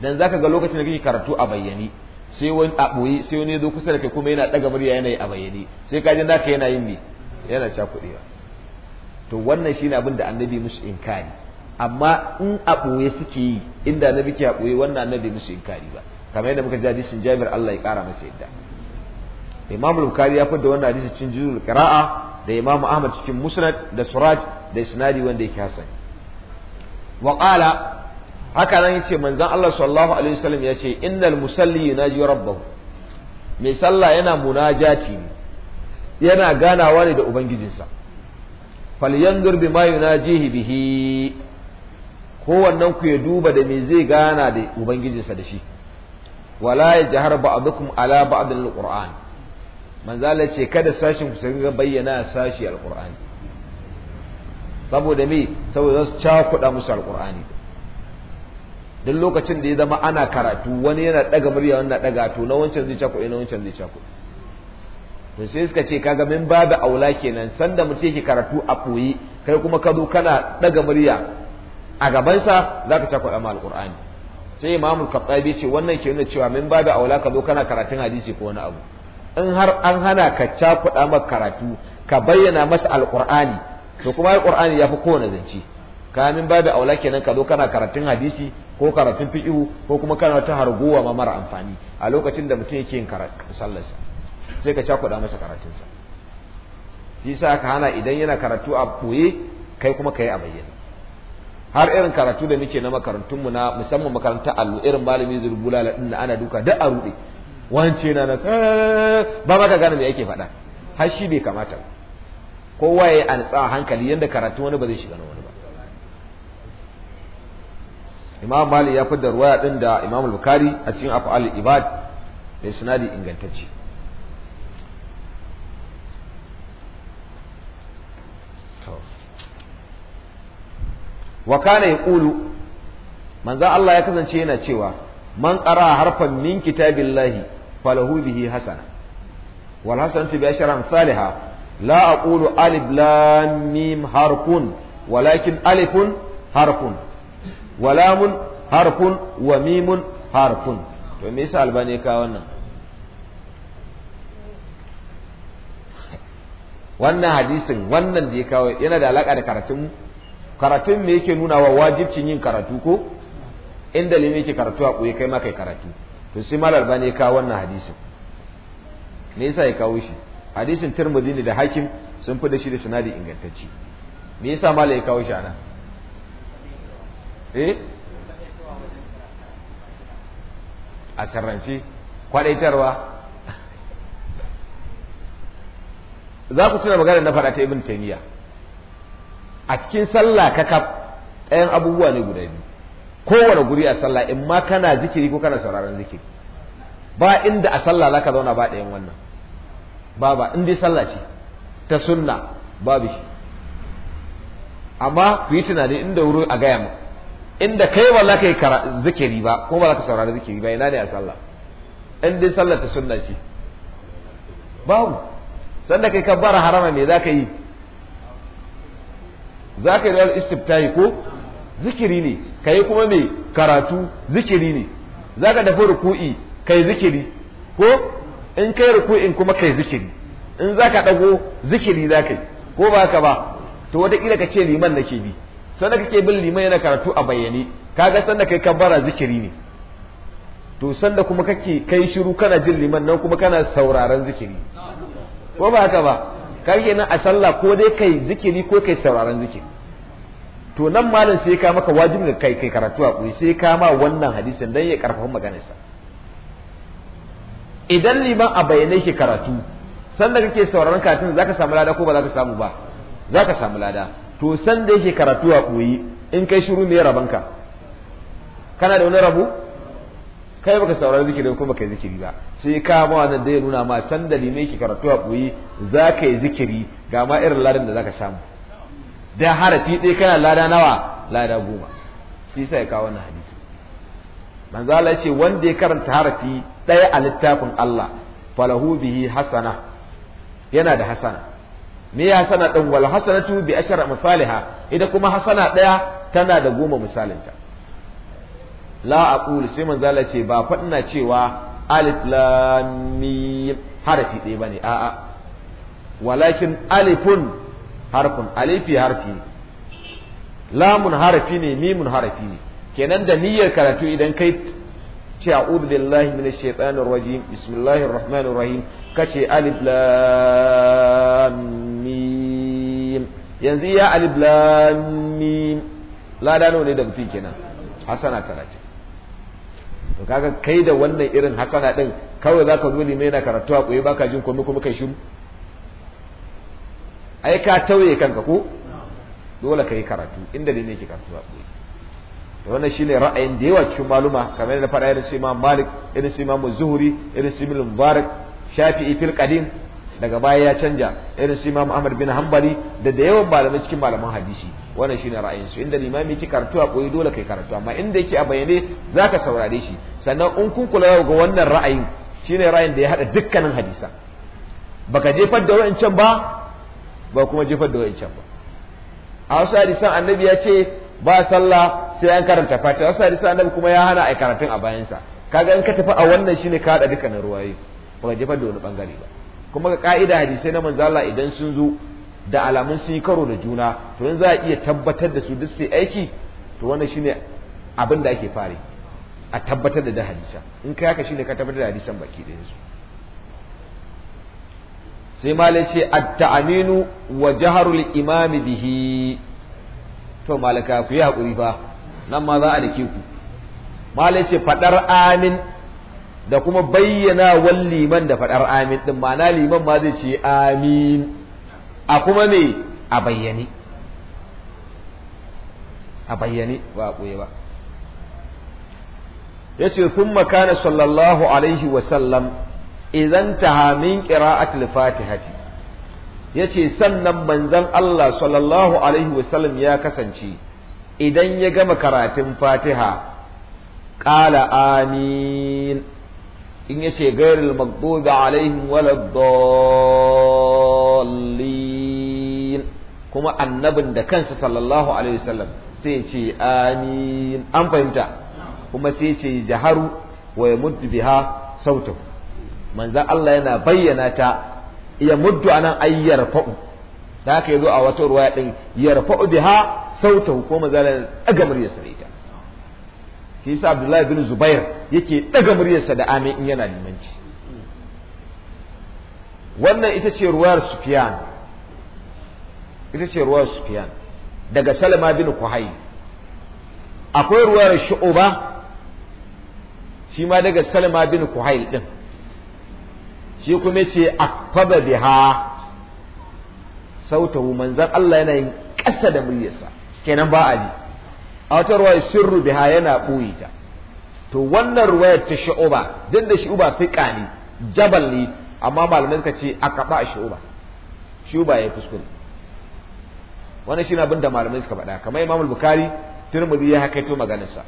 Speaker 1: dan zaka ga lokacin da kake karatu a bayyane sai wani a sai wani zo kusa da kai kuma yana daga murya yana yi a bayyane sai ka ji naka yana yin me yana cakudewa to wannan shine abin da annabi musu inkari amma in a suke yi inda annabi ke a boye wannan annabi musu inkari ba kamar yadda muka ji hadisin Jabir Allah ya kara masa yadda Imam Bukhari ya fada wannan hadisi cikin juzul qira'a da Imam Ahmad cikin Musnad da Suraj da isnadi wanda yake hasan wa qala haka nan yace manzon Allah sallallahu alaihi wasallam yace innal musalli yunaji rabbahu mai sallah yana munajati yana ganawa ne da ubangijinsa falyanzur bima yunajihi bihi kowannen ku ya duba da me zai gana da ubangijinsa da shi wala ya jahar ba'dukum ala ba'd quran manzala ce kada sashin ku ga bayyana sashi alqur'ani saboda me saboda za su cakuɗa musu alqur'ani duk lokacin da ya zama ana karatu wani yana daga murya wani na daga to na wancan zai cakuɗe na wancan zai cakuɗe to sai suka ce kaga min babu aula kenan sanda mutum yake karatu a koyi kai kuma ka zo kana daga murya a gabansa zaka cakuɗa ma alqur'ani sai imamul kattabi ce wannan ke nuna cewa min babu aula ka zo kana karatun hadisi ko wani abu in har an hana ka cakuɗa maka karatu ka bayyana masa alqur'ani to kuma alqur'ani yafi kowane zance ka kamin babu aula kenan ka zo kana karatun hadisi ko karatun fiqhu ko kuma kana ta harguwa ma mara amfani a lokacin da mutum yake yin karatun sallarsa sai ka cakuɗa masa karatunsa shi yasa ka hana idan yana karatu a boye kai kuma kai a bayyana har irin karatu da muke na makarantunmu na musamman makarantar allo irin malami zurbulala din ana duka duk a ruɗe wance na na eh, ba ma ka gane me yake faɗa har shi bai kamata ba kowa ya antsa hankali yanda karatu wani ba zai shiga na wani ba imam malik ya fitar waya din da imam bukari a cikin af'al ibad da sanadi ingantacce wa kana yaqulu manzo Allah ya kasance yana cewa man qara harfan min kitabillahi falahu bihi hasana wal hasanatu bi ashri amsalha la aqulu alif lam mim harfun walakin alifun harfun wa lamun harfun wa mimun harfun to me yasa albani ka wannan wannan hadisin wannan da ya kawo yana da alaka da karatun karatun me yake nuna wa wajibcin yin karatu ko inda limi yake karatu a koyi kai ma kai karatu to sai malar bani ka wannan hadisin me yasa ya kawo shi hadisin tirmidhi ne da hakim sun fi da shi da sanadi ingantacci me yasa malar ya kawo shi ana eh a sarrance kwadaitarwa za ku tuna magana na faɗa ta ibn taymiya a cikin sallah kakaf ɗayan abubuwa ne guda biyu kowane guri a sallah in ma kana zikiri ko kana sauraron zikiri ba inda a sallah ka zauna ba ɗayan wannan ba ba in dai sallah ce ta sunna babu shi amma ku yi tunani inda wuri a gaya ma inda kai ba za ka yi zikiri ba ko ba za ka saurari zikiri ba ina ne a sallah in dai sallah ta sunna ce babu sanda kai ka bara harama me za ka yi za ka yi rawar istiftahi ko zikiri ne kai kuma mai karatu zikiri ne zaka dafa ruku'i kai zikiri ko in kai ruku'in kuma kai zikiri in zaka dago zikiri zaka yi ko ba ka ba to wata kila ka ce liman nake bi sannan kake bin liman yana karatu a bayyane kaga sannan kai kabbara zikiri ne to sanda kuma kake kai shiru kana jin liman nan kuma kana sauraron zikiri ko ba haka ba ke nan a sallah ko dai kai zikiri ko kai sauraron zikiri to nan malam sai ka maka wajibin ka kai kai karatu a kuri sai ka ma wannan hadisin dan ya karfafa sa idan liman a bayyane shi karatu sanda kake sauraron katin zaka samu lada ko ba zaka samu ba zaka samu lada to sanda yake karatu a koyi in kai shiru ne raban ka kana da wani rabu kai baka saurari zikirin kuma kai zikiri ba sai ka ma wannan da ya nuna ma da liman ki karatu a koyi zaka yi zikiri ga ma irin ladan da zaka samu da harafi ɗaya kana lada nawa lada goma shi sai kawo wannan hadisi manzo Allah yace wanda ya karanta harafi ɗaya a littafin Allah falahu bihi hasana yana da hasana me ya hasana din wal hasanatu bi ashra misaliha idan kuma hasana ɗaya tana da goma misalinta la aqulu sai manzo Allah ce ba faɗina cewa alif lam mim harafi ɗaya bane a'a walakin alifun harfin alifi harfi lamun harfi ne mimun harfi ne kenan da niyyar karatu idan kai ce a'udhu billahi minash shaitanir rajim bismillahir rahmanir rahim kace alif lam mim yanzu ya alif lam mim lada nawa ne da mutum kenan hasana tara to kaga kai da wannan irin hasana din kawai zaka zo limai na karatu a koyi baka jin komai kuma kai shiru ai ka tauye kanka ko dole ka yi karatu inda ne ke karatu a tsaye da wannan shine ra'ayin da yawa cikin maluma kamar yadda faɗa irin su Imam Malik irin su Imam Zuhri irin su Ibn Mubarak Shafi'i fil qadim daga baya ya canja irin su Imam Ahmad bin Hanbali da da yawan malamai cikin malaman hadisi wannan shine ra'ayin su inda limami yake karatu a koyi dole kai karatu amma inda yake a bayyane zaka saurare shi sannan in kun kula ga wannan ra'ayin shine ra'ayin da ya hada dukkanin hadisa baka jefar da wa'ancan ba ba kuma jifar da wa'incan ba a wasu hadisan annabi ya ce ba sallah sai an karanta fatiha wasu hadisan annabi kuma ya hana a karatun a bayansa kaga in ka tafi a wannan shine ka duka na ruwaye ba ka jifar da wani bangare ba kuma ga ka'ida hadisai na Manzala idan sun zo da alamun sun yi karo da juna to yanzu za a iya tabbatar da su duk sai aiki to wannan shine abin da ake fare a tabbatar da hadisan in ka shi shine ka tabbatar da hadisan baki ɗayansu su sai malai ce at-ta'aminu wa jaharul imami bihi to malaka ku yi hakuri fa nan ma za a dake ku malai ce fadar amin da kuma bayyana wal liman da fadar amin din ma'ana liman ma zai ce amin a kuma me a bayyane a bayyane ba a ba. Ya ce sun makana sallallahu alaihi wa sallam idan tahamin qira'atul fatihati yace sannan manzon Allah sallallahu alaihi wasallam ya kasance idan ya gama karatun fatiha qala amin in yace ghairul maghdubi alaihim waladdallin kuma annabin da kansa sallallahu alaihi wasallam sai ce amin an fahimta kuma sai ce jaharu wa yamuddu biha sautahu manzan Allah yana bayyana ta ya muddu nan ay yarfa'u da haka zo a wata ruwaya din yarfa'u biha sautahu ko manzan ɗaga daga da ita shi yasa Abdullahi bin Zubair yake daga muryarsa da amin in yana limanci wannan ita ce ruwayar Sufyan ita ce ruwayar Sufyan daga Salama bin Kuhai akwai ruwayar Shu'uba shi ma daga Salama bin Kuhail din shi kuma ce a akfaba biha sautahu manzan Allah yana yin ƙasa da muryarsa kenan ba a ji a wata ruwaya sirru biha yana ɓoye ta to wannan ruwayar ta Shu'uba, duk da Shu'uba fiƙa ne jabal ne amma malamin ka ce a kaɓa a Shu'uba. Shu'uba ya kuskure wannan shi na abin da malamai suka faɗa kamar imamul bukari turmudi ya hakaito maganarsa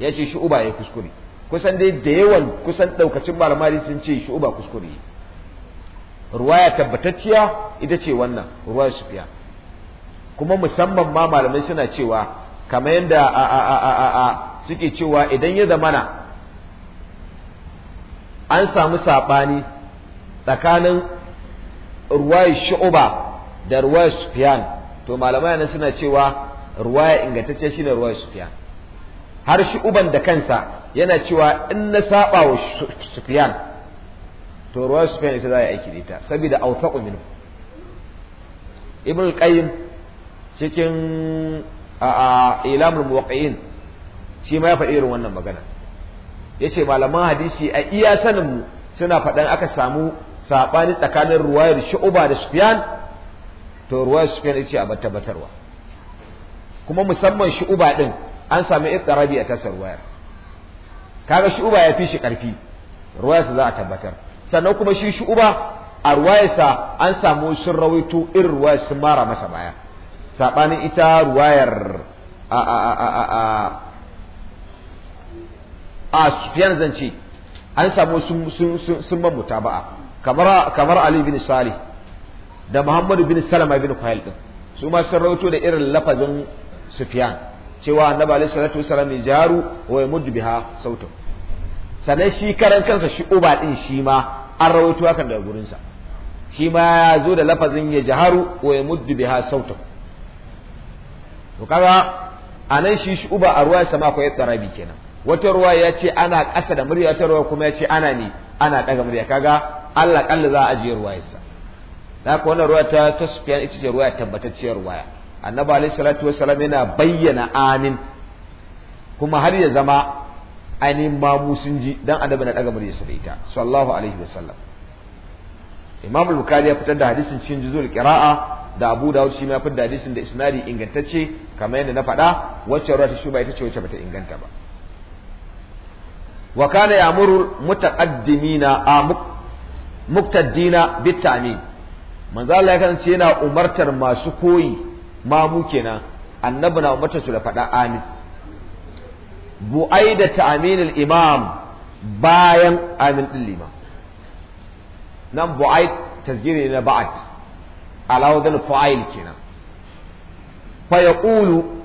Speaker 1: ya ce sha'uba ya kuskure kusan dai da yawan kusan ɗaukacin malamari sun ce shi Uba kuskure ruwaya tabbatacciya ita ce wannan ruwaya sufiya kuma musamman ma malamai suna cewa kamar yadda a suke cewa idan ya zamana an samu saɓani tsakanin ruwaya Uba da ruwaya sufiyan to malamai nan suna cewa ruwaya ingantacce shine ruwaya sufiyan har shi uban da kansa yana cewa in na saba wa sufiyan to ruwa sufiyan ita za a yi aiki da ita saboda awtaqu minhu Ibn cikin a ilamul muwaqqi'in shi ma ya faɗi irin wannan magana yace malaman hadisi a iya sanin mu suna faɗan aka samu saɓani tsakanin ruwayar shu'uba da sufiyan to ruwayar sufiyan ita ce a tabbatarwa kuma musamman shu'uba din an sami ittirabi a tasar wayar kaga shi uba ya fi shi karfi ruwayarsa za a tabbatar sannan kuma shi shi uba a ruwayarsa an samu sun rawaito irin ruwayar sun mara masa baya sabanin ita ruwayar a a a a a a zance an samu sun sun sun mamuta ba'a kamar kamar Ali bin Salih da Muhammadu bin Salama bin Kuhail din su ma sun rawaito da irin lafazin Sufyan cewa annabi alaihi salatu wasallam jaru wa yamuddu biha sautin sannan shi karan kansa shi uba din shi ma an rawaito hakan daga sa shi ma ya zo da lafazin ya jaharu wa ya muddu biha sautin to kaga anan shi shi uba a ruwa sama akwai bi kenan wata ruwa ya ce ana ƙasa da murya wata ruwa kuma ya ce ana ne ana ɗaga murya kaga Allah kalla za a ajiye ruwayarsa da haka wannan ruwa ta tasfiyan ita ce ruwa tabbatacciyar ruwaya annabi alaihi salatu salam yana bayyana amin kuma har ya zama ainihin mamu sun ji dan annabi na daga murya da ita sallallahu alaihi wasallam imam al-bukhari ya fitar da hadisin cikin juzul qira'a da abu dawud shi ma ya fitar da hadisin da isnadi ingantacce kamar yadda na faɗa wacce rawata shi ba ita ce wacce bata inganta ba wa kana ya'muru mutaqaddimina a muqtaddina bitani manzo Allah ya kasance yana umartar masu koyi mamu kenan annabi na umarta su da faɗa amin bu'ai da ta'aminul imam bayan amin din liman nan bu'ai tasgiri na ba'at alawazal fa'il kenan fa yaqulu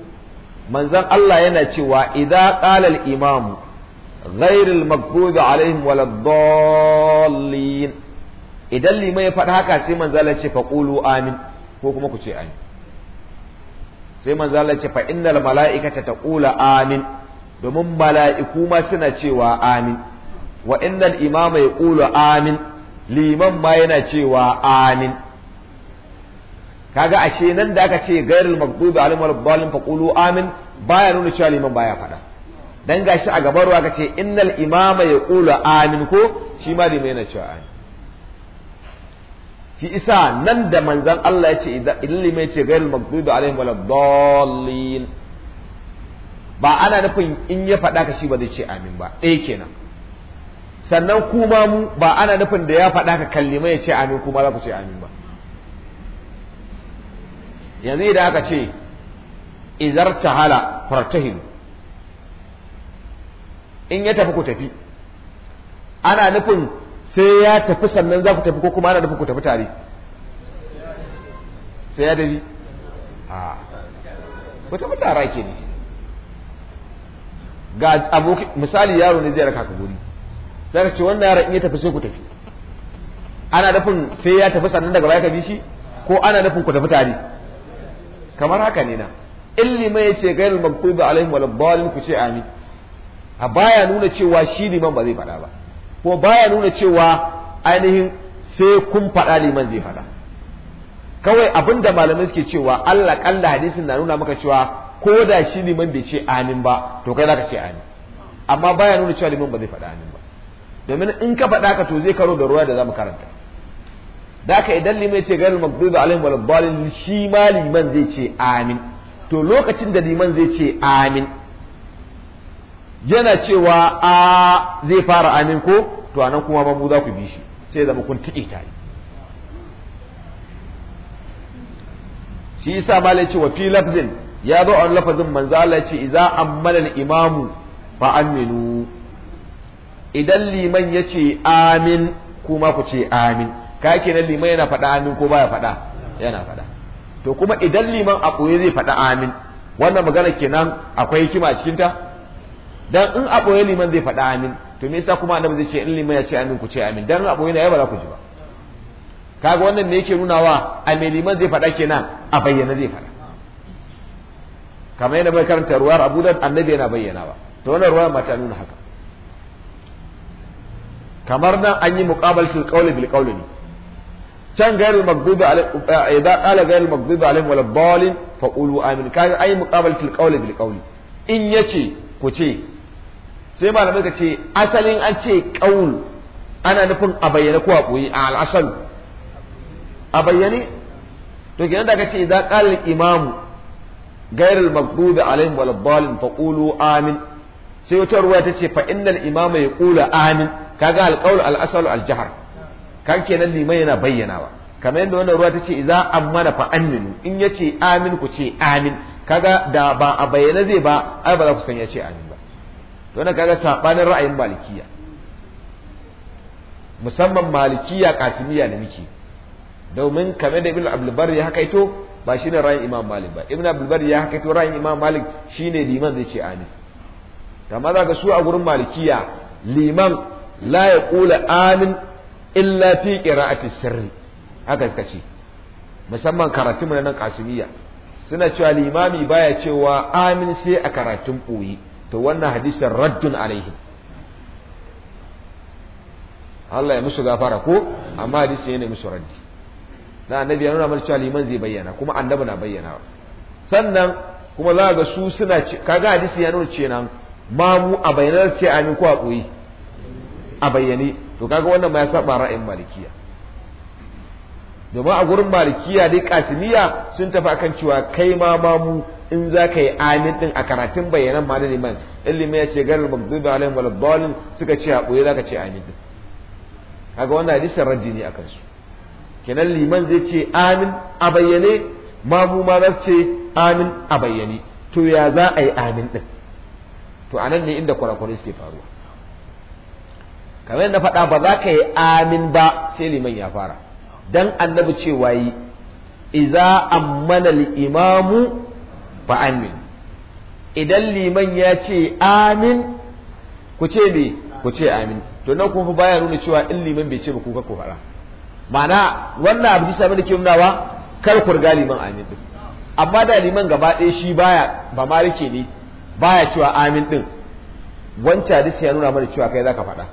Speaker 1: manzan Allah yana cewa idza qala al imam غير المغضوب عليهم ولا الضالين idan limai ya faɗa haka sai manzo Allah ce faqulu amin ko kuma ku ce amin sai manzo Allah ce fa innal mala'ikata taqula amin domin mala'iku ma suna cewa amin wa innal imama yaqulu amin liman ma yana cewa amin kaga ashe nan da aka ce gairul maghdubi alaihim waladdallin qulu amin baya nuna cewa liman baya faɗa dan gashi a gaban ruwa kace innal imama yaqulu amin ko shi ma liman yana cewa amin shi isa nan da manzan Allah ya ce ilimi ya ce gairul maghdubi alaihim dallin ba ana nufin in ya faɗa ka shi ba zai ce amin ba ɗaya eh kenan sannan kuma mu ba ana nufin da ya faɗa ka kallima ya ce amin kuma za ku ce amin ba yanzu idan aka ce izar tahala fartahin in ya tafi ku tafi ana nufin sai ya tafi sannan za ku tafi ko kuma ana nufin ku tafi tare sai ya dari a ku tafi tare ke ne ga abokin misali yaro ne zai raka ka guri sai ka ce wannan yaron in ya tafi sai ku tafi ana nufin sai ya tafi sannan daga baya ka bi shi ko ana nufin ku tafi tare kamar haka ne na illima ya ce gairul maghdubi alaihim waladdallin ku ce amin a baya nuna cewa shi liman ba zai faɗa ba ko baya nuna cewa ainihin sai kun faɗa liman zai faɗa kawai abin da malamai suke cewa Allah kalla hadisin na nuna maka cewa ko da shi liman bai ce amin ba to kai zaka ce amin amma baya nuna cewa liman ba zai faɗa amin ba domin in ka faɗa ka to zai karo da ruwa da zamu karanta da ka idan liman ce gairul maghdubi alaihim wal shi ma liman zai ce amin to lokacin da liman zai ce amin yana cewa a zai fara amin ko to anan kuma ma mu za ku bi shi sai zama kun tike tare shi sa ma lai wa fi lafzin ya zo a lafazin manzo Allah ce idza ammala al-imamu fa aminu idan liman yace amin kuma ku ce amin ka kenan liman yana faɗa amin ko baya faɗa yana faɗa to kuma idan liman a koyi zai faɗa amin wannan magana kenan akwai hikima a cikinta dan in a boye liman zai faɗa amin to me yasa kuma annabi zai ce in liman ya ce amin ku ce amin dan in a boye ne ai ba za ku ji ba kaga wannan ne yake nunawa a me liman zai faɗa kenan a bayyana zai faɗa kamar yana bai karanta ruwar Abu Dawud annabi yana bayyana ba to wannan ruwar ma ta nuna haka kamar nan an yi muqabalatul qawli bil qawli ne can gairu maghdubi alaihim eh, idza qala gairu maghdubi alaihim wal dalin fa qulu amin kaga ayi muqabalatul qawli bil qawli in yace ku ce sai malamai ka ce asalin an ce ƙaul ana nufin a bayyane ko a ɓoye a al'asalu a bayyane to kenan da aka ce idan qala al-imamu ghayr al-maghdubi alaihim wal dhalin fa qulu amin sai wata ruwa ta ce fa innal imama yaqulu amin kaga al-qawl al-asal al-jahr kan kenan liman yana bayyanawa kamar yadda wannan ruwa ta ce a amana fa aminu in yace amin ku ce amin kaga da ba a bayyana zai ba ai ba za ku san ce amin ba to wannan kaga sabanin ra'ayin malikiya musamman malikiya kasimiya ne muke domin kamar da ibnu abdulbar ya haka ito ba shine ra'ayin imam malik ba ibn abdulbar ya haka ito ra'ayin imam malik shine liman zai ce amin amma za ka su a gurin malikiya liman la ya kula amin illa fi qira'ati sirri haka suka ce musamman karatu na nan kasimiya suna cewa limami baya cewa amin sai a karatun boye to wannan hadisin raddun alaihi Allah ya musu gafara ko amma hadisin yana musu raddi na annabi ya nuna mana cewa liman zai bayyana kuma annabi na bayyana sannan kuma za ga su suna kaga hadisi ya nuna ma mamu a bayyanar ce a ko a koyi a bayyane to kaga wannan ma ya saba ra'ayin malikiya domin a gurin malikiya dai kasimiya sun tafi akan cewa kai ma mamu in za ka yi amin din a karatun bayanan ma liman in liman ya ce garin magdubi da alayin dalin suka ce a za ka ce amin din kaga wannan hadisin ne akan su kenan liman zai ce amin a bayyane mamu ma za su ce amin a bayyane to ya za a yi amin din to anan ne inda kurakurai suke faruwa kamar yadda faɗa ba za ka yi amin ba sai liman ya fara dan annabi cewa yi iza ammana al-imamu fa amin idan liman ya ce amin ku ce me ku ce amin to nan kun fi baya nuna cewa in liman bai ce ba ku ka ku fara ma'ana wannan abu bisa mana ke nunawa kar ku riga liman amin din amma da liman gaba ɗaya shi baya ba ma rike ne baya cewa amin din wancan hadisi ya nuna mana cewa kai zaka faɗa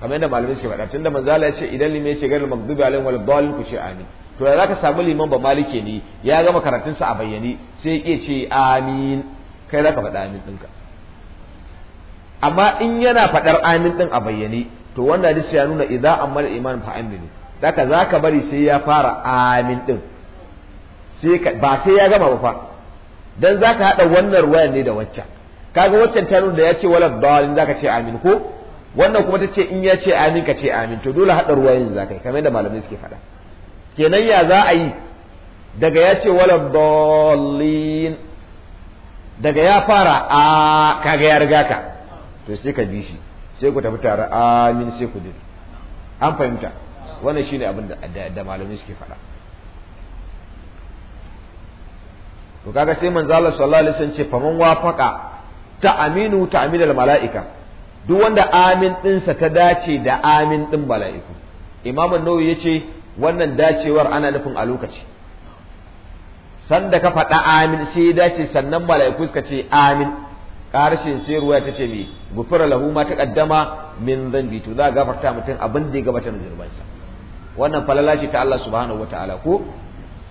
Speaker 1: kamar yadda malamai suke faɗa tunda manzala ya ce idan liman ya ce garin magdubi alaihim wal ku ce amin to za zaka samu liman ba malike ne ya gama karatunsa a bayyane sai ya ce amin kai zaka faɗa amin ɗinka amma in yana faɗar amin ɗin a bayyane to wannan hadisi ya nuna idan ammal iman fa ka, za zaka bari sai ya fara amin ɗin sai ba sai ya gama ba fa dan zaka haɗa wannan ruwayar ne da waccan kaga waccan ta nuna da ya ce walad dalin zaka ce amin ko wannan kuma ta ce in ya ce amin ka ce amin to dole haɗa ruwayoyin zaka yi kamar yadda malamai suke faɗa kenan ya za a yi daga ya ce wala dallin daga ya fara a kaga ya riga ka to sai ka bi shi sai ku tafi tare amin sai ku dire an fahimta wannan shine abin da malamai suke faɗa to kaga sai manzo Allah sallallahu alaihi wasallam ce faman wafaqa ta aminu ta aminal mala'ika duk wanda amin dinsa ta dace da amin din mala'iku imamu nawawi yace wannan dacewar ana nufin a lokaci sanda ka faɗa amin sai ya dace sannan mala'iku suka ce amin karshen sai ruwa ta ce me gufura lahu ma kaddama min zambi to za gafarta mutum abin da ya gabata na sa. wannan falala shi ta Allah subhanahu wataala ko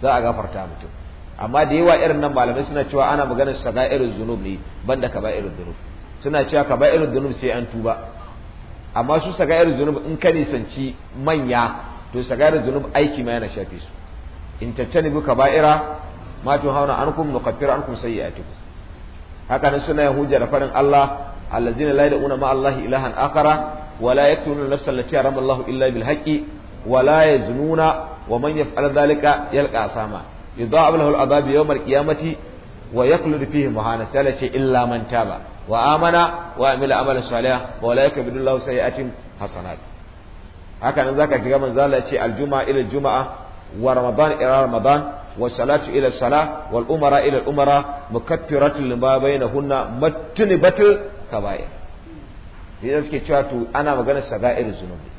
Speaker 1: za a gafarta mutum amma da yawa irin nan malamai suna cewa ana ga irin zunub ne banda irin zunub suna cewa ka ba irin zunub sai an tuba amma su irin zunub in ka nisanci manya to sagarar zunub aiki ma yana shafe su in tattanibu kaba'ira ma tuhawna ankum nukaffir ankum sayyi'atikum haka nan suna hujja da farin Allah allazina la yad'una ma Allah ilahan akara wa la yaqtuluna nafsan allati harama Allah illa bil haqqi wa la yaznuna wa man yaf'al dhalika yalqa asama yudha'ab lahu al yawm al qiyamati wa yaqlud fihi muhana salace illa man taba wa amana wa amila amalan salihan wa la yakbidu Allah sayyi'atin hasanat haka nan zaka ga manzo Allah ce aljuma ila juma'a wa ramadan ila ramadan wa salatu ila salah wal umara ila umara mukaffiratun lima bainahunna mattunibatul kabaya sai suke cewa to ana maganar saga'ir zunubi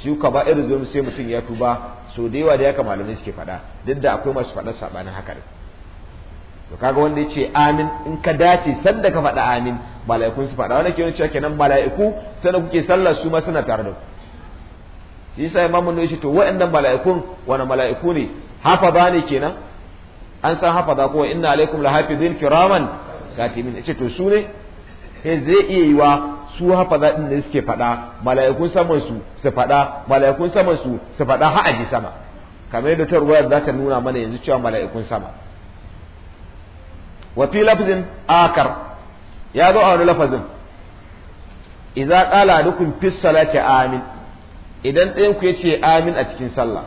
Speaker 1: shi irin zunubi sai mutum ya tuba so da yawa da yaka malamai suke faɗa duk da akwai masu faɗa sabanin haka ne to kaga wanda ya ce amin in ka dace sanda ka faɗa amin mala'ikun su faɗa wanda ke nuna cewa kenan mala'iku sanda kuke sallar su ma suna tare da ku shi yasa imamu ne shi to wa'annan mala'ikun wani mala'iku ne ba ne kenan an san hafaza ko inna alaikum hafizin kiraman katibin yace to su ne sai eh, zai iya yiwa su hafaza din da suke faɗa mala'ikun saman su su faɗa mala'ikun saman su su faɗa ha aji sama kamar yadda ta ruwayar za ta nuna mana yanzu cewa mala'ikun sama wa fi lafzin akar ya zo a wani lafazin idza qala lakum fis salati amin idan ɗayan ku ce amin a cikin sallah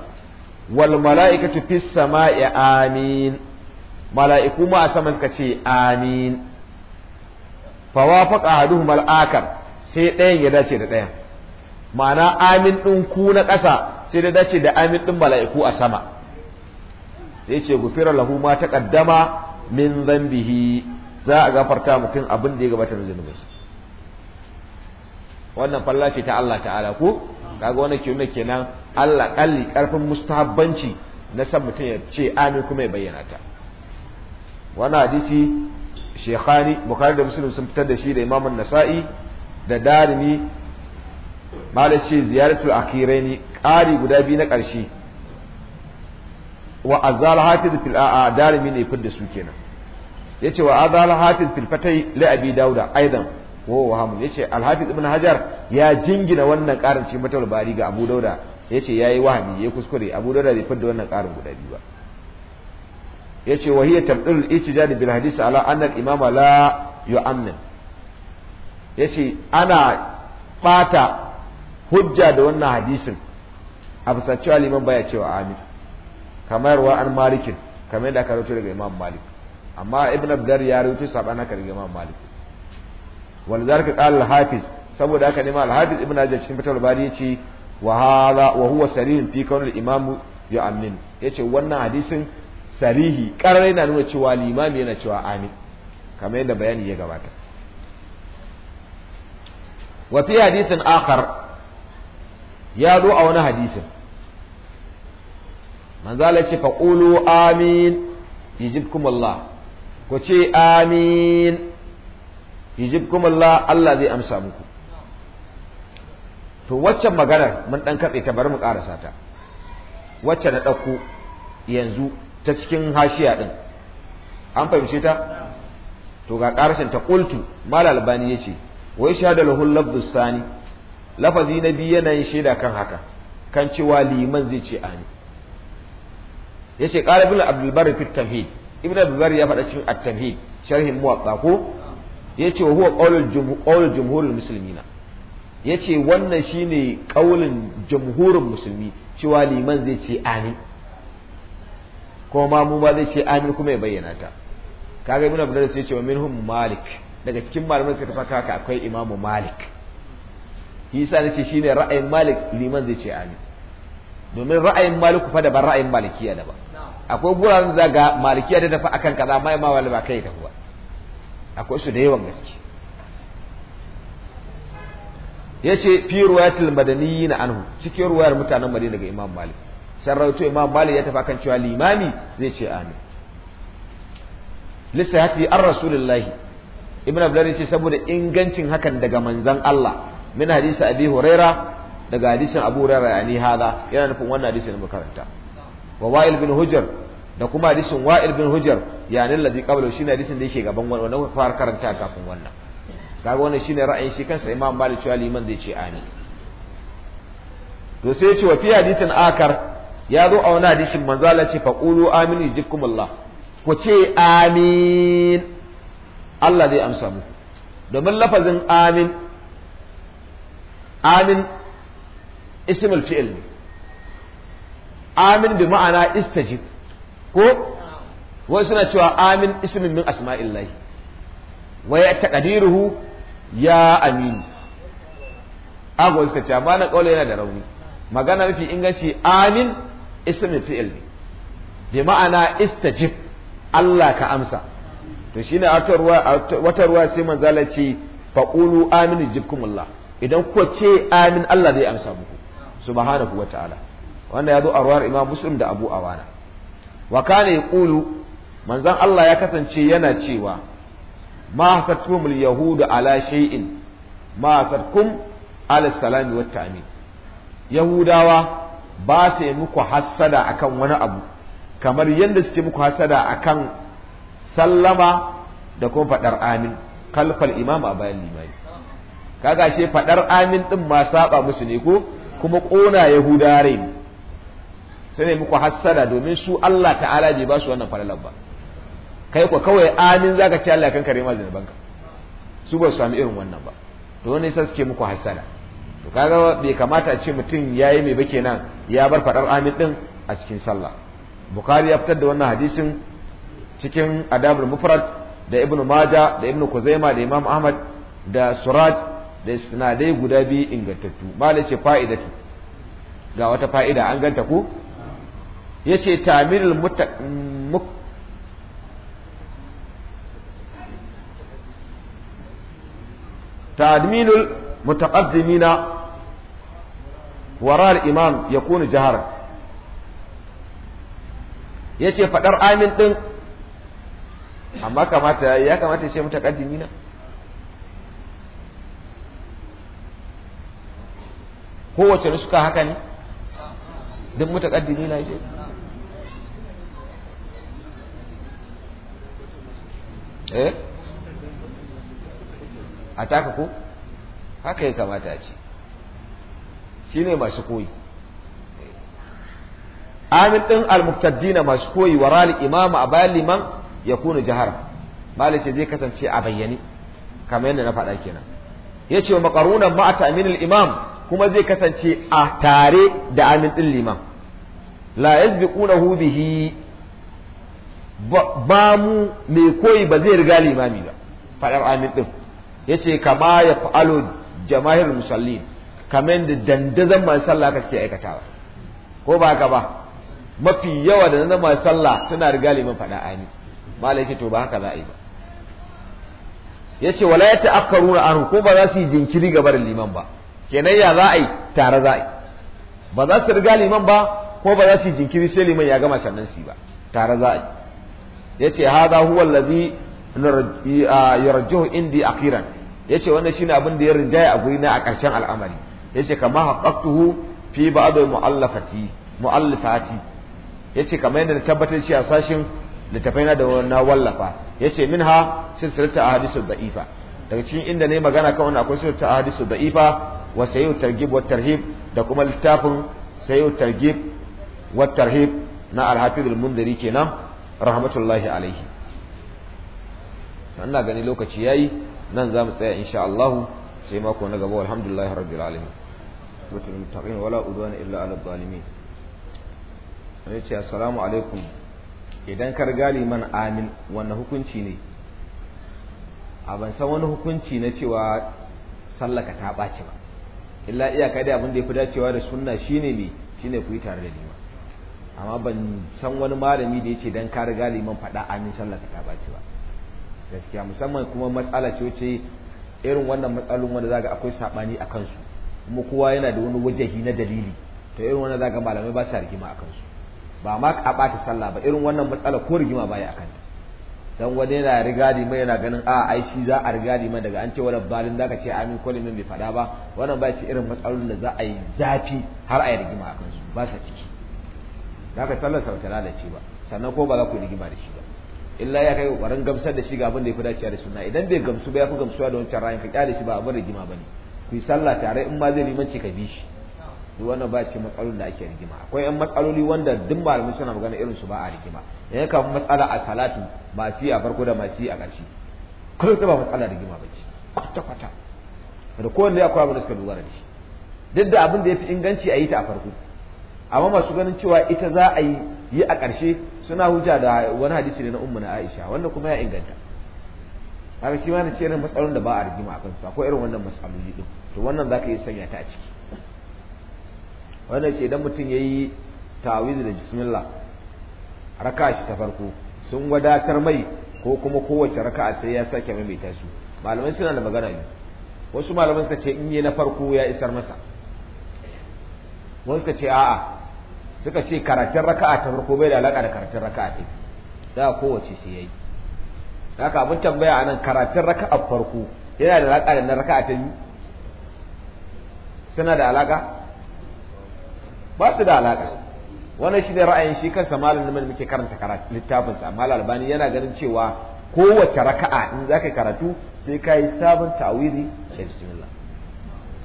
Speaker 1: wal mala'ikatu fis ya amin mala'iku ma a sama suka ce amin fa wafaqa ahaduhum al akar sai ɗayan ya dace da ɗayan ma'ana amin ɗin ku na ƙasa sai da dace da amin ɗin mala'iku a sama sai ce gufira lahu ma taqaddama min zambihi za a gafarta mutum abin da ya gabata da zunubinsa wannan falla ce ta Allah ta'ala ko kaga wannan ke nuna kenan Allah kalli karfin mustahabbanci na san mutum ya ce amin kuma ya bayyana ta wannan hadisi shekhani bukari da muslim sun fitar da shi da imamun nasa'i da darimi
Speaker 2: malai ce ziyaratul akhiraini
Speaker 1: ƙari guda biyu na ƙarshe wa azal hafiz fil a'a darimi ne fid su kenan yace wa azal hafiz fil fatai li abi dauda aidan wa wahamun yace al-hafiz ibn hajar ya jingina wannan karin cikin fatul bari ga abu dauda yace yayi wahami yayi kuskure abu dauda bai fadda wannan karin guda biyu ba yace wa hiya tabdil al-ijtihad bil hadith ala anna al imam la yu'ammin yace ana bata hujja da wannan hadisin a bisa cewa liman baya cewa amin kamar wa an malikin kamar yadda aka rawaito daga imam malik amma ibn abdar ya rawaito sabana daga imam malik ولذلك قال الحافظ saboda haka nema al-hafiz ibn hajar cikin fatawul bari yace wa hadha wa huwa sarih fi kawn al-imam yu'min yace wannan hadisin sarihi karar na nuna cewa limami yana cewa amin kamar yadda bayani ya gabata wa fi hadisin akhar ya zo a wani hadisin manzala ce fa qulu amin yajibkum Allah ku ce amin yujibkum Allah Allah zai amsa muku to waccan maganar mun dan katse ta bari mu karasa ta wacce na ɗauko yanzu ta cikin hashiya din an fahimce ta to ga karashin ta qultu mal albani yace wa yashhadu lahu lafdhu sani lafazi na biyu yana yin shaida kan haka kan cewa liman zai ce ani yace qala ibn abdul barr fi at-tamhid ibn abdul ya faɗa cikin at-tamhid sharhin muwatta ko yace wa huwa qaulul qaulul jumhurul muslimina yace wannan shine qaulin jumhurin musulmi cewa liman zai ce amin kuma mu ba zai ce amin kuma ya bayyana ta kaga ibnu abdullah sai ce wa minhum malik daga cikin malamai suka tafa haka akwai imamu malik yasa nace shine ra'ayin malik liman zai ce amin domin ra'ayin maliku fa ba ra'ayin malikiya da ba akwai guraren da malikiya da tafi akan kaza mai ma wala ba kai tafi ba akwai su da yawan gaske ya yace fi ruwayatil na anhu cikin ruwayar mutanen madina daga imam malik san rawaito imam malik ya tafi kan cewa limami zai ce amin lissa hati an rasulullahi ibn abdullahi ce saboda ingancin hakan daga manzan Allah min hadisi abi huraira daga hadisin abu huraira ni hada yana nufin wannan hadisi na makaranta wa wa'il bin hujjar da kuma hadisin Wa'ir bin hujjar yanin ladhi qablu shine hadisin da yake gaban wannan wanda kuka fara karanta kafin wannan kaga wannan shine ra'ayin shi kansa imam malik cewa liman zai ce amin to sai ya ce wa fi hadisin akar ya zo a wani hadisin manzo Allah ce faqulu amin yujikumullah ku ce amin Allah zai amsa mu. domin lafazin amin amin ismul fi'il amin bi ma'ana istajib ko wasu suna cewa amin ismin min asma'illahi wa ya taqdiruhu ya amin agwa suka ce ba na kaula yana da rauni magana mafi inganci amin ismin fi'il ne bi ma'ana istajib Allah ka amsa to shine wata ruwa sai manzala ce faqulu amin jibkumullah idan ku ce amin Allah zai amsa muku subhanahu wa ta'ala wanda ya zo a ruwar Imam Muslim da Abu Awana wa kana yaqulu manzon Allah ya kasance yana cewa ma al yahudu ala shay'in ma hasatkum ala salami wa ta'min yahudawa ba sai muku hasada akan wani abu kamar yadda suke muku hasada akan sallama da kuma fadar amin kalfal imam a bayan limami kaga she fadar amin din ma saba musu ne ko kuma kona yahudawa ne sai ne muku hassada domin su Allah ta'ala bai ba su wannan falalar ba kai ku kawai amin zaka ci Allah kan kare ma banka su ba su sami irin wannan ba to ne sai suke muku hassada to kaga bai kamata a ce mutum yayi mai ba nan ya bar fadar amin din a cikin sallah bukhari ya fitar da wannan hadisin cikin adabul mufrad da ibnu maja da ibnu kuzaima da imam ahmad da suraj da sinadai guda biyu ingantattu ba da ce fa'idatu ga wata fa'ida an ganta ku yace tamirul tadminul mutaqaddimina wara al-imam yakunu jaharan yace fadar amin din amma kamata ya kamata ya ce mutaqaddimina kowace suka haka ne duk mutaqaddimina yace eh a taka ko haka ya kamata a ce shi ne masu koyi amin ɗin almuktaddina masu koyi wa rali imama a bayan liman ya kuna jihar malai ce zai kasance a bayyane kamar yadda na faɗa kenan ya ce wa makarunan ma a imam kuma zai kasance a tare da amin ɗin liman la yasbiqunahu bihi ba mu mai koyi ba zai riga limami ba faɗar amin ɗin ya ce kama ya fa'alo jama'ir musallin kamar da dandazon masu sallah ka suke ba ko ba haka ba mafi yawa da nan masu sallah suna riga liman faɗa amin malai ce to ba haka za a yi ba ya ce wala ya ta'akkaru na ko ba za su yi jinkiri ga da liman ba kenan ya za a yi tare za a yi ba za su riga liman ba ko ba za su yi jinkiri sai liman ya gama sannan su yi ba tare za a yi yace hadha huwa allazi yarjuhu indi akhiran yace wannan shine abin da ya rinjaya a gurina a ƙarshen al'amari yace kama haqqaqtuhu fi ba'd mu'allafati mu'allafati yace kamar yadda na tabbatar shi a sashin na da na wallafa yace minha silsilatu ahadithu da'ifa daga cikin inda ne magana kan wannan akwai silsilatu ahadithu da'ifa wa sayyu targhib wa tarhib da kuma littafin sayyu targhib wa tarhib na al-hafiz al-mundiri kenan rahmatullahi alaihi ina gani lokaci yayi nan zamu tsaya insha Allah sai mako na gaba alhamdulillah rabbil alamin mutul muttaqin wala udwana illa ala zalimin ne ce assalamu alaikum idan kar gali man amin wannan hukunci ne a ban san wani hukunci na cewa sallaka ta ba illa iyaka da abin da ya fi dacewa da sunna shine ne shine ku yi tare da lima amma ban san wani malami da ya ce dan ka riga liman faɗa amin sallah ka ba ba gaskiya musamman kuma matsala ce ce irin wannan matsalolin wanda zaga akwai sabani a kansu kuma kowa yana da wani wajahi na dalili to irin wannan zaga malamai ba su rigima a kansu ba ma a bata sallah ba irin wannan matsala ko rigima baya akan dan wani yana riga liman yana ganin a ai shi za a riga liman daga an ce wala balin zaka ce amin ko liman bai faɗa ba wannan ba ce irin matsalolin da za a yi zafi har a yi rigima a kansu ba sa ciki ka sallar sa ta lalace ba sannan ko ba za ku rigima da shi ba illa ya kai kokarin gamsar da shi ga abin da ya fi dacewa da suna idan bai gamsu ba ya fi gamsuwa da wancan rayan ka kyale shi ba abin rigima ba ne ku yi sallah tare in ma zai limanci ka bi shi duk wannan ba ce matsalolin da ake rigima akwai yan matsaloli wanda duk malamin suna magana irin su ba a rigima ya kafa matsala a salatu masu a farko da masu a ƙarshe kawai ta ba matsala rigima ba ce kwata kwata da kowanne ya koya mana suka dogara da shi duk da abin da ya fi inganci a yi ta a farko amma masu ganin cewa ita za a yi a ƙarshe suna hujja da wani hadisi ne na ummu na Aisha wanda kuma ya inganta haka shi ma na ce irin matsalolin da ba a rigima a kansu akwai irin wannan matsaloli din to wannan zaka iya sanya ta a ciki wannan ce idan mutum ya yi ta'awizu da bismillah raka shi ta farko sun wadatar mai ko kuma kowace raka'a sai ya sake maimaita su malamai suna da magana ne wasu malamai suka ce in yi na farko ya isar masa wasu suka ce a'a suka ce karatun raka'a ta farko bai da alaka da karatun raka'a ta a kowace su yayi ka abin tambaya anan karatun raka'a farko yana da alaka da na raka'a ta biyu suna da alaka ba su da alaka wannan shi ne ra'ayin shi kansa malamin da muke karanta littafin littafinsa amma albani yana ganin cewa kowace raka'a in za ka karatu sai ka yi sabon tawili da bismillah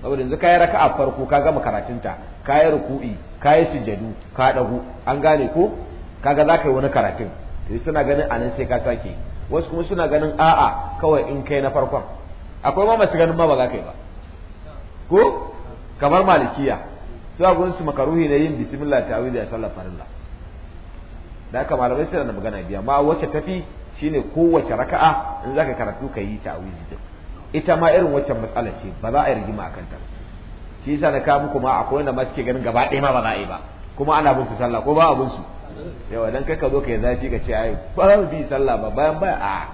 Speaker 1: saboda yanzu ka yi raka'a farko ka gama karatunta ka yi ruku'i ka yi sujjadu ka ɗagu an gane ko kaga za ka yi wani karatun suna ganin a nan sai ka sake wasu kuma suna ganin a'a kawai in kai na farkon akwai ma masu ganin ma ba za ka yi ba ko kamar malikiya su a gunsu makaruhi na yin bismillah ta'awil da sallar farilla da aka malamai suna da magana biya ma wacce tafi shine kowace raka'a in za zaka karatu ka yi ta din ita ma irin waccan matsala ce ba za a yi rigima a kanta ba shi yasa da ka muku ma akwai wanda ma suke ganin gaba ɗaya ma ba za a yi ba kuma ana bin su sallah ko ba a bin su yawa dan kai ka zo ka yi zafi ka ce ai ba mu bi sallah ba bayan baya a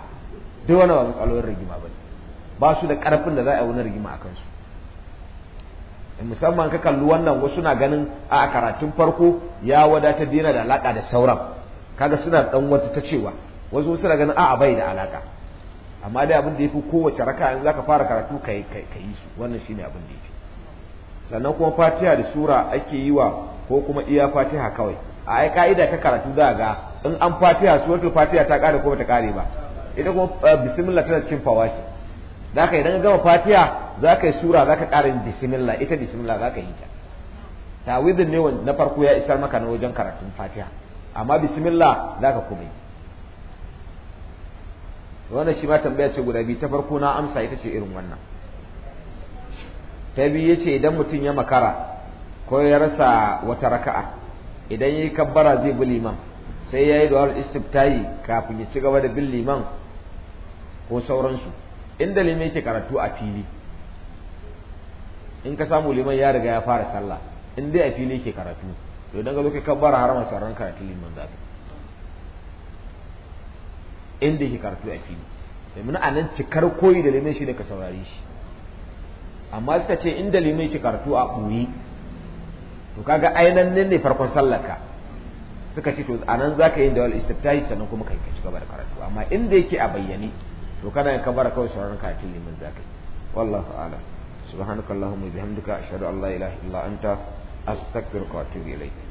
Speaker 1: duk wani ba matsalolin rigima ba ba su da karfin da za a yi wani rigima a kansu musamman ka kalli wannan wasu na ganin a karatun farko ya wadatar dina da alaƙa da sauran kaga suna dan wata ta cewa wasu suna ganin a'a bai da alaƙa amma dai abin da ya fi kowace raka in ka fara karatu ka yi su wannan shine abin da ya fi. sannan kuma fatiha da sura ake yi wa ko kuma iya fatiha kawai a ai ka'ida ta karatu za ga in an fatiha suratul fatiha ta kare ko bata kare ba ita kuma eh, bismillah tana cikin fawaki za ka idan ka gama fatiha za ka yi sura za ka kare bismillah ita bismillah za ka yi ta tawidin ne na farko ya isar maka na wajen karatun fatiha amma bismillah za ka kuma yi wannan shi ma tambaya ce guda biyu ta farko na amsa ita ce irin wannan ta biyu ce idan mutum ya makara ko ya rasa wata raka'a idan ya yi kabbara zai bi liman sai ya yi da istiftayi kafin ya ci gaba da bin liman ko sauransu inda liman yake karatu a fili in ka samu liman ya riga ya fara sallah in dai a fili yake karatu to idan ka zo kai kabbara har ran karatu liman za ka inda yake karatu a fili domin a nan cikar koyi da liman shi ne ka saurare shi amma suka ce inda limai ki karatu a ɓoye to kaga ainihin ne farkon sallaka suka ce to a nan za ka yi da wal istiftahi sannan kuma kai ka ci gaba da karatu amma inda yake a bayyane to kana yin kamar kawai sauraron karatun liman za ka yi wallahu a'lam subhanakallahumma bihamdika ashhadu an la ilaha illa anta astaghfiruka wa atubu ilayk